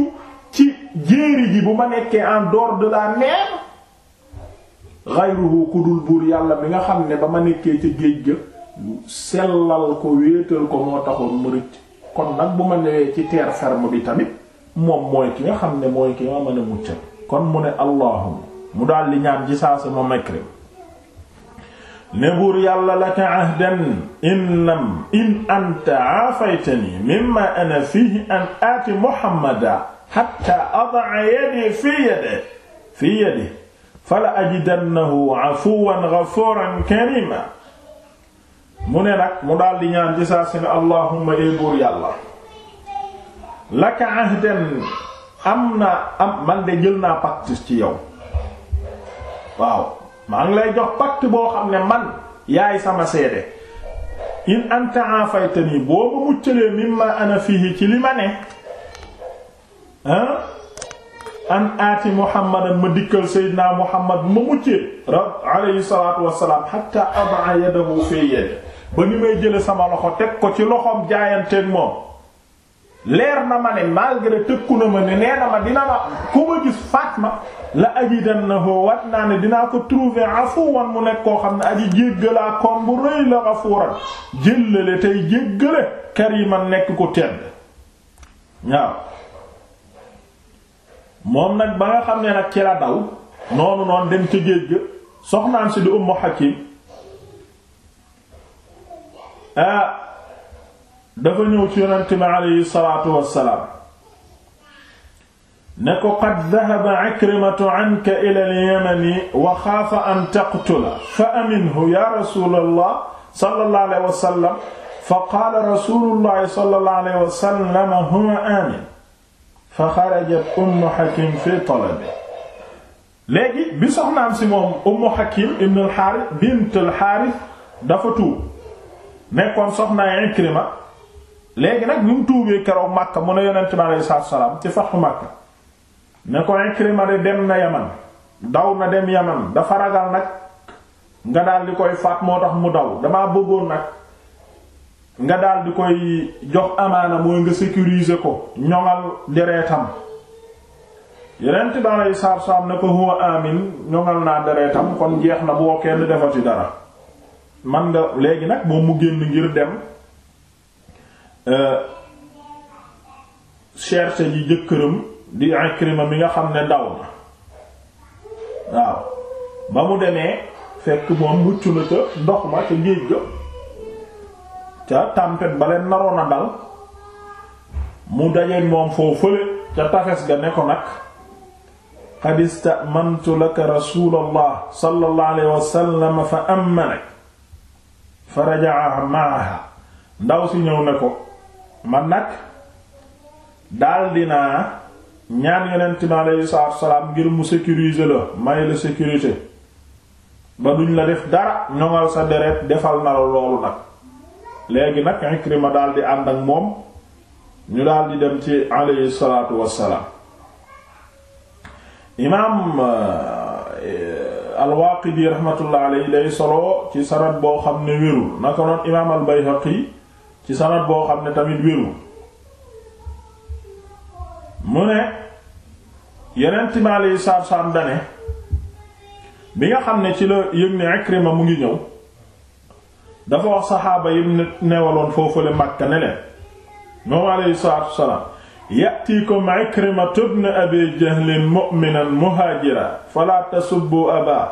ci jéeri ji bu ma nekkee en door de la mer ghayruhu ku dul buur yàlla bi nga xam ne ba ma nekkee ca géej ga sellal ko wéetal ko moo taxoon mu rëcc kon nag bu ma ñëwee ci terre ferme bi tamit moom mooy ki nga xam ne mooy ki nga mën a muccal kon mu ne allahum mu dal di ñaan ci saa sama makrim ne buur yàlla laka ahdan in lam in anta aafaytani mimma ana fihi an aati muhammada hatta adaa yadi fi yadi fi yadi fala ajidannahu afuwan ghafuran karima mu ne nag mu daal di allahumma ee buur yàlla laka ahdan am man de jël naa ci yow waaw maa ngi lay jox pacte boo xam ne man yaay sama seede in anta afaytani boo ma muccalee mimma ana fihi ci lima ma ne ah an aati muhammadan ma dikkal sayyidina muhammad ma muccee rab alayhi salatu wasalaam hatta aba yadahu fi yadi ba ni may jële sama loxo teg ko ci loxoom jaayanteeg moom leer na ma ne malgré tëkku na ma ne nee na ma dina ma ku ma gis faat ma la ajidannahu wat naa ne dinaa ko trouver afuwan mu nekk koo xam ne aji jéggalaa kon bu rëy la ghafuran jëllale tey jéggale kariman nekk ku tedd waaw moom nag ba nga xam ne nag ci la daw noonu noonu dem ca géej ga si di Ummu Hakim ah dafa ñëw ci yonent bi aleyhi salaatu wassalaam ne ko qad dahaba ikrimatu anka ila al-yamani wa xaafa an taqtula fa aminhu ya rasulallah sallallahu alayhi wa sallam fa qaala rasulullahi sallallahu alayhi wa sallam huwa amin fa xarajat ummu hakim fi talabi léegi bi soxnaam si moom ummu hakim ibn al-harith bint al-harith dafa tuub nekkoon soxnaay ikrima léegi nag ñu mu tuubee keroog Makka mu ne yonent bi aleyhi salaatu salaam ci fathu Makka ne ko Ikrima dem na Yaman daw na dem Yaman dafa ragal nag nga daal di koy faat moo tax mu daw damaa bëggoon nag nga daal di koy jox amaana mooy nga sécuriser ko ñoŋal dereetam yonent bi aleyhi salaatu salaam ne ko huwa amin ñoŋal naa dereetam kon jeex na boo kenn defati dara man nga léegi nag moom mu génn ngir dem. Euh, cherche ji jëkkëram di Ikrima mi nga xam ne ndaw na waaw ba mu demee fekk moom mucc na ca ndox ma ca géej ga ca tempête ba naroon a dal mu dajee moom foo fële ca tafes ga ne ko nag qad istamantu laka rasulallah sallallahu alayhi wa sallam fa fa rajaa maaha ndaw si ñëw ne ko man nag daal dinaa ñaan yonent mi aleyhi salaatu salaam ngir mu sécuriser la may la sécurité ba duñ la def dara ñoŋal sa deret defal na la loolu nag léegi nag ma daal di ànd ak moom ñu daal di dem ci aleyhi salaatu wa salaam imaam eh, al-Waaqidi rahmatullah aleyhi day solo ci sanad boo xam ne wérul naka noon imaam al-Bayhaqi ci sanad boo xam ne tamit wérul mu ne yeneen timaale yi saab saab dane bi nga xam ne ci la yëg ne Ikrima mu ngi ñëw dafa wax saxaaba yi mu newaloon foofule Makka ne leen moom alayhi salaatu wassalaam yatiikum Ikrima ibn Abi Jahl mu'minan muhaajira falaa tasubbu abaa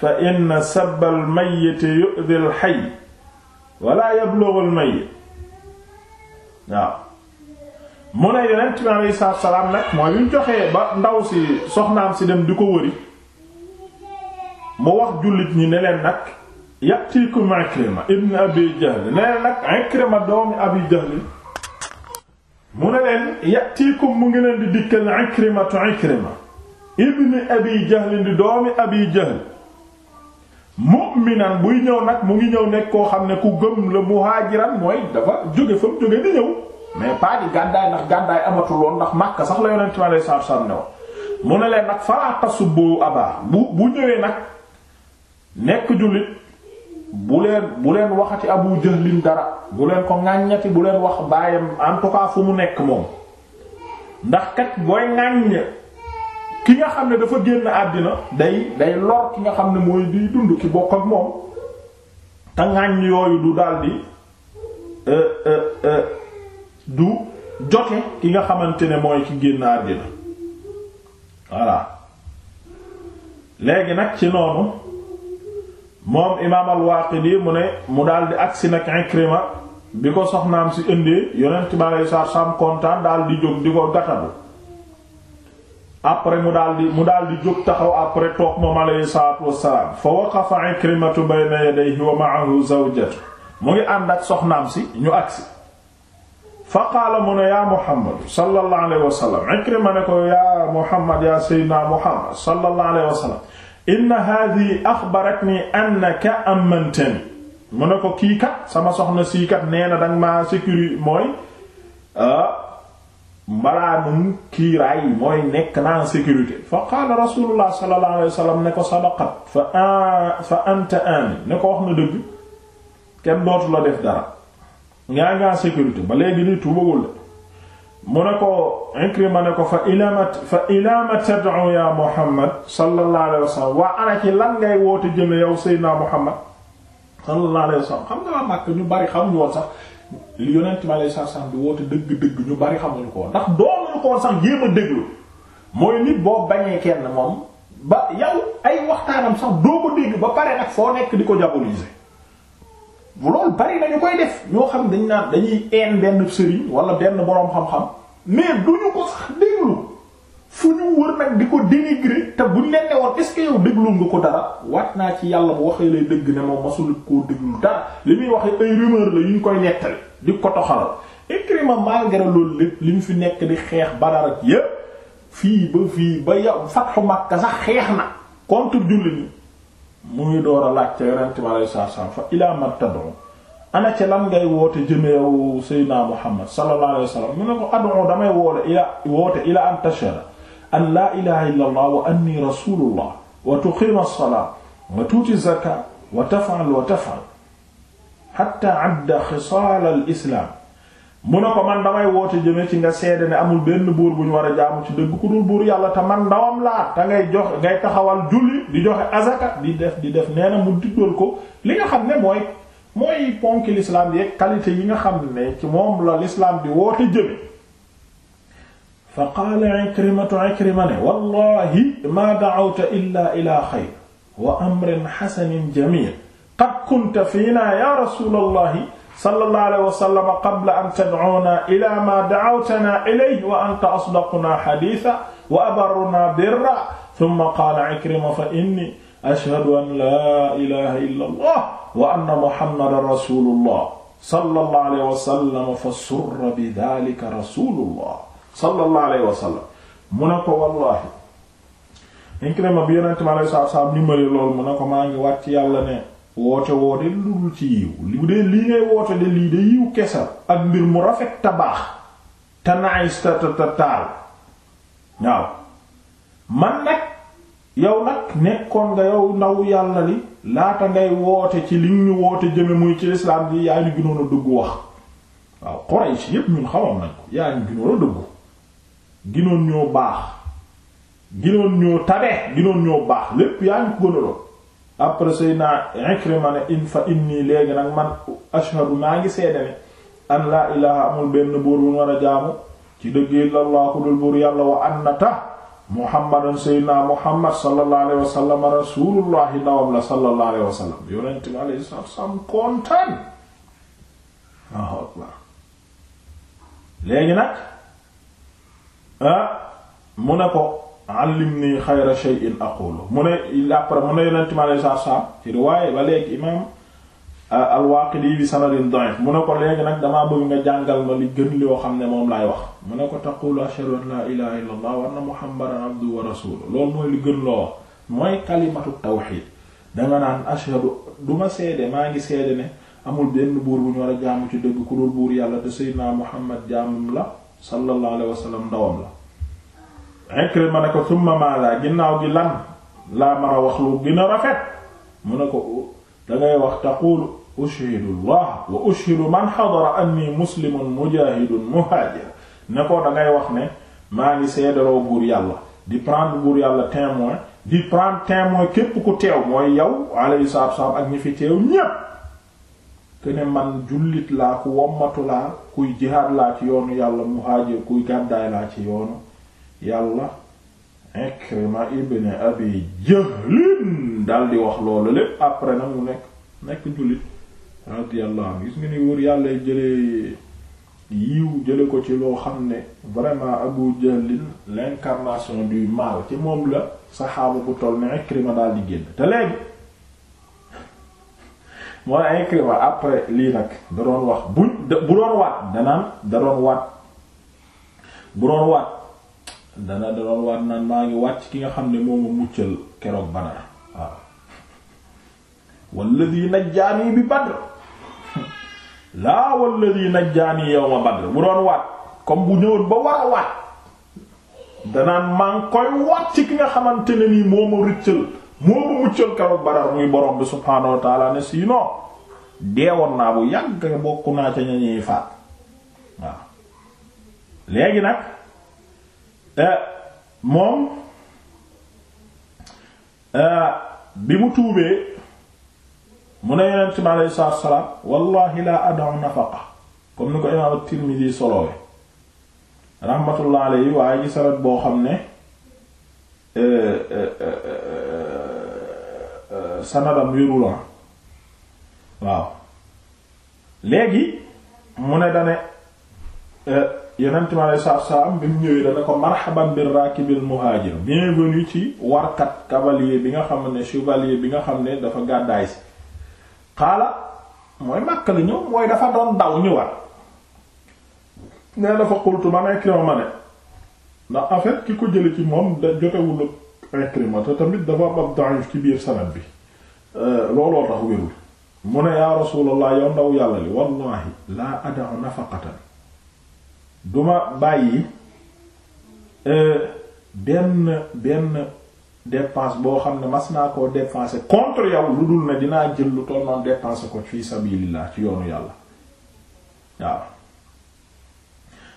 fa inna sabba al-mayyit yu'dhi al-hayy wa waaw mu ne yonent bi alayhi salaatu salaam nag mooy yuñ joxee ba ndaw si soxnaam si dem di ko wëri mu wax jullit ñi ne leen nag yatiikum Ikrima ibn Abi Jahl ne leen nag Ikrima doomi Abi Jahl mu ne leen yatiikum mu ngi leen di dikkal Ikrimatu Ikrima ibn Abi Jahl di doomi Abi Jahl mu mu'minan buy ñëw nag mu ngi ñëw nekk koo xam ne ku gëm la muhaajiran mooy dafa jóge fa mu jóge di ñëw mais pas di gàddaay ndax gàddaay amatul woon ndax Makka sax la yonent mi alayhi salaatu salaam ne woon mu ne leen nag falaa bu abaa bu bu ñëwee nag nekk jullit bu leen bu leen waxati Abu Jahlin dara bu leen ko ŋàññati bu leen wax baayam en tout fu mu nekk moom ndax kat booy ŋàññ ki nga xam ne dafa génn àddina day day lor ki nga xam ne mooy di dund ki bokk ak moom te ŋàññ yooyu du daldi euh, euh, euh, du jote ki nga xamante ne mooy ki génn àddina voilà léegi nag ci noonu moom imaam al-Waaqidi mu ne mu daldi agsi nag Ikrima bi ko soxnaam si indee yonent bi aleyhi salaatu salaam kontaan daldi jóg di ko gatabu après mu daal di mu daal di jóg taxaw après toog moom alayhi salaatu wassalaam fa waqafa Ikrimatu bayna yadayhi wa ma'ahu zawjatu mu ngi ànd ak soxnaam si ñu agsi fa qaala mu ne yaa Muhammad sallallahu alayhi wa ne ko yaa Muhammad yaa Seydina Muhammad sallallahu alayhi wa sallam inna haadhihi akhbaratni annaka mu ne ko kii sama soxna sii kat nee ma sécurité mooy ah, mbalaanum kiiraay mooy nekk na en sécurité fa qaala rasulullah sallallahu alayhi wasallam ne ko sadaqat fa fa anta amin ne ko wax na dëgg kenn dootu la def dara ngaa ngaa sécurité ba léegi nii tubagul la mu ne ko Ikrima ne ko fa ilama fa ilama tad'u ya Muhammad sallallahu alayhi wasallam waa ana ci lan yow Seydina Muhammad sallallahu alayhi wasallam xam nga waa ñu bari xam ñu woon sax li yonent mi alayhi salaam di woote dëgg-dëgg ñu bari xam xamuñu ko ndax doomuñu ko sax jéem a déglu mooy nit boo bañee kenn moom ba yow ay waxtaanam sax doo ko dégg ba pare nag foo nekk di ko diaboliser loolu bari nañu koy def ñoo xam dañ naan dañuy een benn sëriñ wala benn boroom xam-xam mais duñu ko sax déglu. fu ñu wër nag di ko dénigrer te buñ leen ne woon est ce que yow déglul nga ko dara waat naa ci yàlla bu waxee lay dëgg ne moom masul koo déglul dara li muy waxee ay rumeur la yu ñu koy nettali di ko toxalal Ikrima malgré loolu li ñu fi nekk di xeex Badar ak yépp fii ba fii ba yow Fathu Makka sax xeex na contre jullit ñi mu ngi door a laaj ca yonente bi alei satu salaam fa ila man tad'u ana ca ngay woote jëmeew Seydina Muhammad sallallahu alayhi wasallam mu an laa ilaha illa allah wa anni rasulullah wa tuqima as-salaa wa tuuti zakaa wa taf'al wa taf'al hatta adda xisaal al-islaam mu ne ko man damay woote jëme ci nga seede ne amul benn buur bu ñu war a jaamu ci dëgg ku dul buur yàlla te man ndawam laa te ngay jox ngay taxawal julli di joxe azaka di def di def nee na mu diddal ko li nga xam ne mooy mooy ponki l'islam yeeg qualité yi nga xam ne ci moom la l'islam di woote jëme fa qaala Ikrimatu Ikrima ne wallahi maa da'awta illaa ilaa xayr wa amrin xasanin jamil qad kunta fiinaa yaa rasuulallahi sallallahu alayhi wa sallam qabla an tad'uunaa ilaa maa da'awtanaa ilayhi wa anta asdaqunaa xadiisan wa abarrunaa birran summa qaala Ikrima fa innii ashhadu an laa ilaaha illallah wa anna muhammadan rasuulullah sallallahu alayhi wa sallam fa surra bi daalika rasuulullah sallallahu alayhi wa sallam mu ne ko wallaahi Ikrima bi yonent mi alayhi salaatu salaam dimbali loolu mu ne ko maa ngi wàcc yàlla ne woote woote lu dul ci yiw bu dee lii ngay woote de lii de yiw kesa ak mbir mu rafet tabaax baax te naayis ta ta taal man nag yow nag nekkoon nga yow ndaw yàlla li laata ngay woote ci li ñu woote jëme muy ci lislaam bi yaa ñu gënoon a dugg wax waaw Quraysh yépp ñun xamoon nañ ko yaa ñu gënoon a dugg ginoon ñoo baax ginoon ñoo tabe ginoon ñoo baax lépp yaa ñu ko gënaloon après sayna Ikrima ne in fa inni léegi nag man ashhadu maa ngi seede ne an laa ilaha amul benn buur bu war a jaamu ci dëgg illallah ku dul buur yàlla wa annata muhammadan sayna muhammad sallallahu alayhi wa sallam rasulullahi ndawam la sallallahu alayhi wa sallam yonent bi nag Ah, mu ne ko allimni xayra shay'in aqulu mu ne après mu ne yonent mi alayhi salaatu salaam ci riwaaye ba léegi imaam ah, al-Waaqidi bi sanadin da'if ko léegi nag damaa bëgg nga jàngal ma li gën loo xam ne moom laay wax mu ne ko taqulu ashhadu an laa ilaaha illallah wa anna muhammadan abduhu wa rasuluhu loolu mooy li gën loo wax mooy kalimatu tawxiid danga naan ashhadu du ma seede maa ngi seede ne amul benn buur bu ñu war a jaamu ci dëgg ku dul buur yàlla te sayyidina Muhammad jaamum la sallallahu alayhi ndawam la Ikrima ne ko summa maala ginnaaw gi lan laa mën a wax lu gën a rafet mu ne ko dangay wax taqulu ushidu Allah wa ushidu man xadara anni muslimun mujahidun muhajir ne ko dangay wax ne maa ngi seedaroo buur yàlla di prendre buur yàlla témoin di prendre témoin képp ku teew mooy yow alayhi salaatu wa ak ñi fi teew ñépp ne man jullit laa ku wommatu laa kuy jihaad laa ci yoonu yàlla mu muhaajir kuy gàddaay laa ci yoonu yàlla Ikrima ibn Abi Jahlin dal di wax loolu lépp après nag mu nekk nekk jullit radiyallahu anhu gis nga ni wóor yàlla jëlee yiw jële ko ci loo xam ne vraiment Abu Jahlin l'incarnation du mal ci moom la saxaaba bu toll ne Ikrima dal di génn te léegi moo na Ikrima après lii nag da doon wax buñ bu doon waat danaan da doon waat bu doon waat dana da doon waat naan maa ngi wàcc ki nga xam ne mooma muccal keroog Badar waaw walladi najjaani bi Badr laa walladi najjaani yawma Badr bu doon waat comme bu ñëwoon ba war waat danaan maa ngi koy waat ki nga xamante ne nii mooma rëccal moo ko muccal karoog Badar muy borom bi subhaanahu wa taala ne sinon deewoon naa bu yàgg bokk naa ca ñañuy faat waaw léegi nag eh, moom eh, bi mu tuubee mu ne yonent bi aleyhi salaatu wa salaam wallahi laa ad'u nafaqa comme ni ko imaam at-Tirmidhi solowee rahmatullah alayhi waaye gi sarat boo xam ne eh, sanadam wérula waaw léegi mu ne dane euh, yonent mi alei saatu salaam bi mu ñëwee dana ko marhaban bir rakibil muhajir bienvenue ci warkat cavalier bi nga xam ne chevalier bi nga xam ne dafa gàddaay si xaala mooy màkk la mooy dafa doon daw ñu war nee dafa xultu man Ikrima ne ndax en ki ko jële ci moom da jotewul Ikrima te tamit dafa am ab daif ci biir sanad bi Euh, looloo tax wérul mu ne yaa rasulallah yow ndaw yàlla li wallahi laa ada'u nafaqatan duma bàyyi euh, benn benn dépense boo xam ne mas naa koo dépenser contre yow lu dul ne dinaa jël lu toll noonu ko fi sabilillah ci yoonu yàlla waaw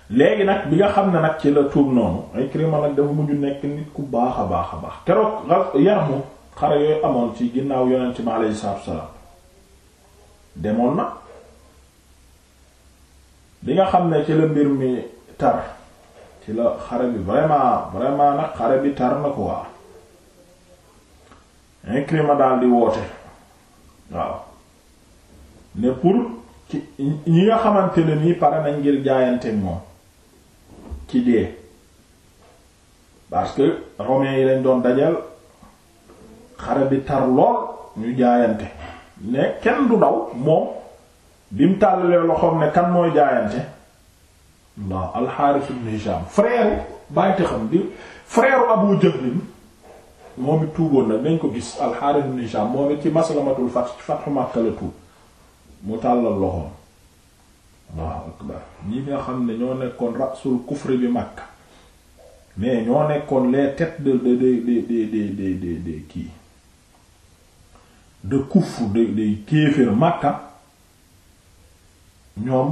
léegi nag bi nga xam ne nag ci la tuub noonu Ikrima nag dafa mujj nekk nit ku baax a baax a baax keroog yaramu xare yooyu amoon ci ginnaaw yonent mi aleyhi salaatu salaam demoon na li nga xam ne ci la mbir mi tar ci la xare bi vraiment vraiment nag xare bi tar na ko waa Ikrima daal di woote waaw ne pour ci ñi nga xamante ne nii pare nañ ngir jaayante moom ci dee parce que romains yi lañ doon dajal xare bi tar lool ñu jaayante ne kenn du daw moom bi mu tàllalee loxoom ne kan mooy jaayante waaw alxaaris ibn Hisham frère bàyyite xam di frère Abu Jahl moom it tuuboon nag dañ ko gis alxaaris ibn Hisham moom ci maslamatul fath ci fathu Makka la tuub mu tàllal loxoom waaw akbar ñi nga xam ne ñoo nekkoon rasul kufri bi Makka mais ñoo nekkoon les têtes de de de de de de de kii de kufr de de kéeféer Makka ñoom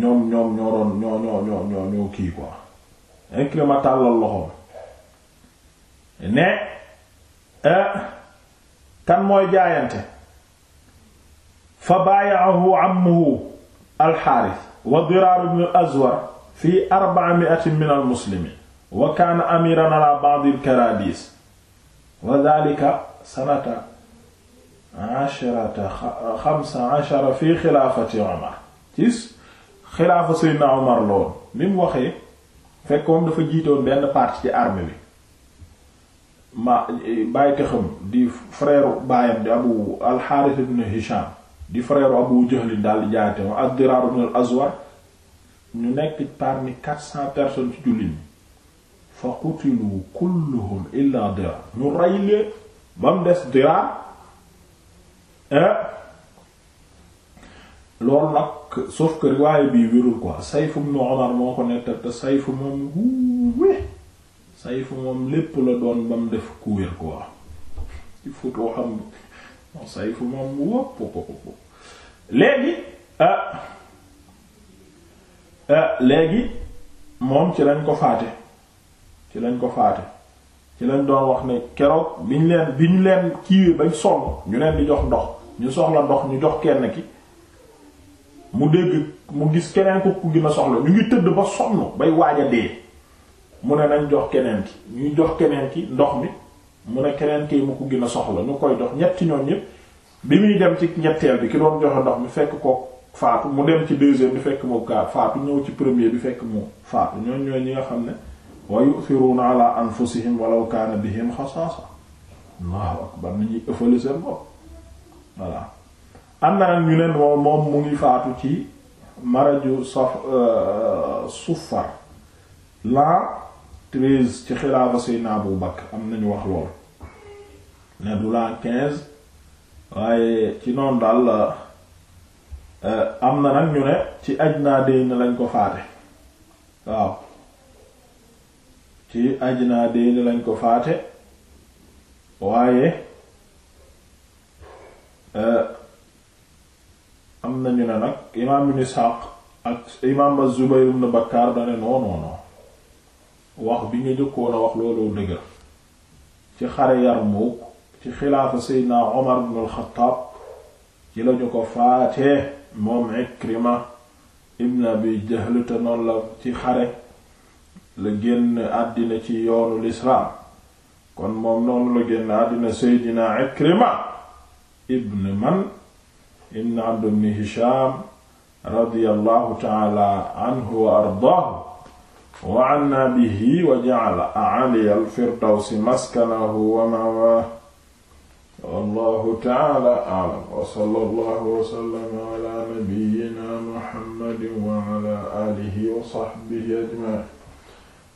ñoom ñoom ñoo doon ñoo ñoo ñoo tàllal loxoom ne euh, kan mooy jaayante fa baayaahu ammuhu alxaaris wa diraar ibn azwar fi min almuslimiin wa kaana amiran ala ba'd al wa dhaalika sanata asharata xamsa ashara fi xilaafati Umar ci xilaafa Seydina Umar lool li mu waxee fekk moom dafa jiitoon benn partie ci armée bi ma bàyyi taxam di frère baayam di abu al-Harith ibn Hisham di frère abu Jahl daal di jaayte ma ad-Dirar azwar ñu nekk parmi quatre ci jullit ñi fa qutilu kulluhum illa Dirar ñu rey ba mu des Dirar Eh? loolu nag sauf que riwaaye bii wérul ko nettal te Sayf moom wuuwe Sayf moom lépp la doon ba mu def ku wér quoi il faut que xam non Sayf moom wopp léegi eh, eh, léegi moom ci lañ ko faate ci lañ ko faate ci lañ doon wax ne keroog biñ leen biñ leen kiiwee bañ sonn ñu leen di jox ndox. ñu soxla ndox ñu jox kenn ki mu dégg mu gis keneen ko ku gën a soxla ñu ngi tëdd ba sonn bay waaj a dee mu ne nañ jox keneen ki ñuy jox keneen ki ndox mi mu ne keneen ki mu ko gën a soxla ñu koy jox ñetti ñoom ñépp bi muy dem ci ñetteel bi ki doon joxe ndox mi fekk ko faatu mu dem ci deuxième bi fekk mu kaa faatu ñëw ci premier bi fekk mu faatu ñooñ ñooñ ñi nga xam ne wa yu'thiruna ala anfusihim bi kana bihim xasaasa allahu akbar nañuy ëffale seen bopp voilà am na nag ñu ne moom mu ngi faatu ci maraju saf euh, suffar l'an treize ci xilaafa Seydina Abu Bakr am nañu wax lool ne du l'an quinze waaye ci noonu daal euh, am na nag ñu ne ci ajna dayn lañ ko faate waaw ci ajna dayn lañ ko faate waaye Euh, am nañu ne nag imaam ibn Isxaaq ak imaam az-Zubayr ibn Bakkaar dane non non non wax bi ñu jëkkoon a wax loolu dëgg ci xare Yarmuuk ci xilaafa Seydina Omar ibn al ci lañu ko faatee moom Ikrima ibn Abi Jahl te la ci xare la génn àddina ci yoonu lislaam kon moom noonu la génn àddina Seydina Ikrima ibn man ibn abd ibn hisham radiyallahu ta'ala anhu wa ardaahu wa anna bihi wa ja'ala a'aliya al-firdawsi maskanahu wa ma'waahu wallahu taala alam wa sallallahu wa sallama ala nabiyyina muhammadin wa ala alihi wa sahbihi ajma'in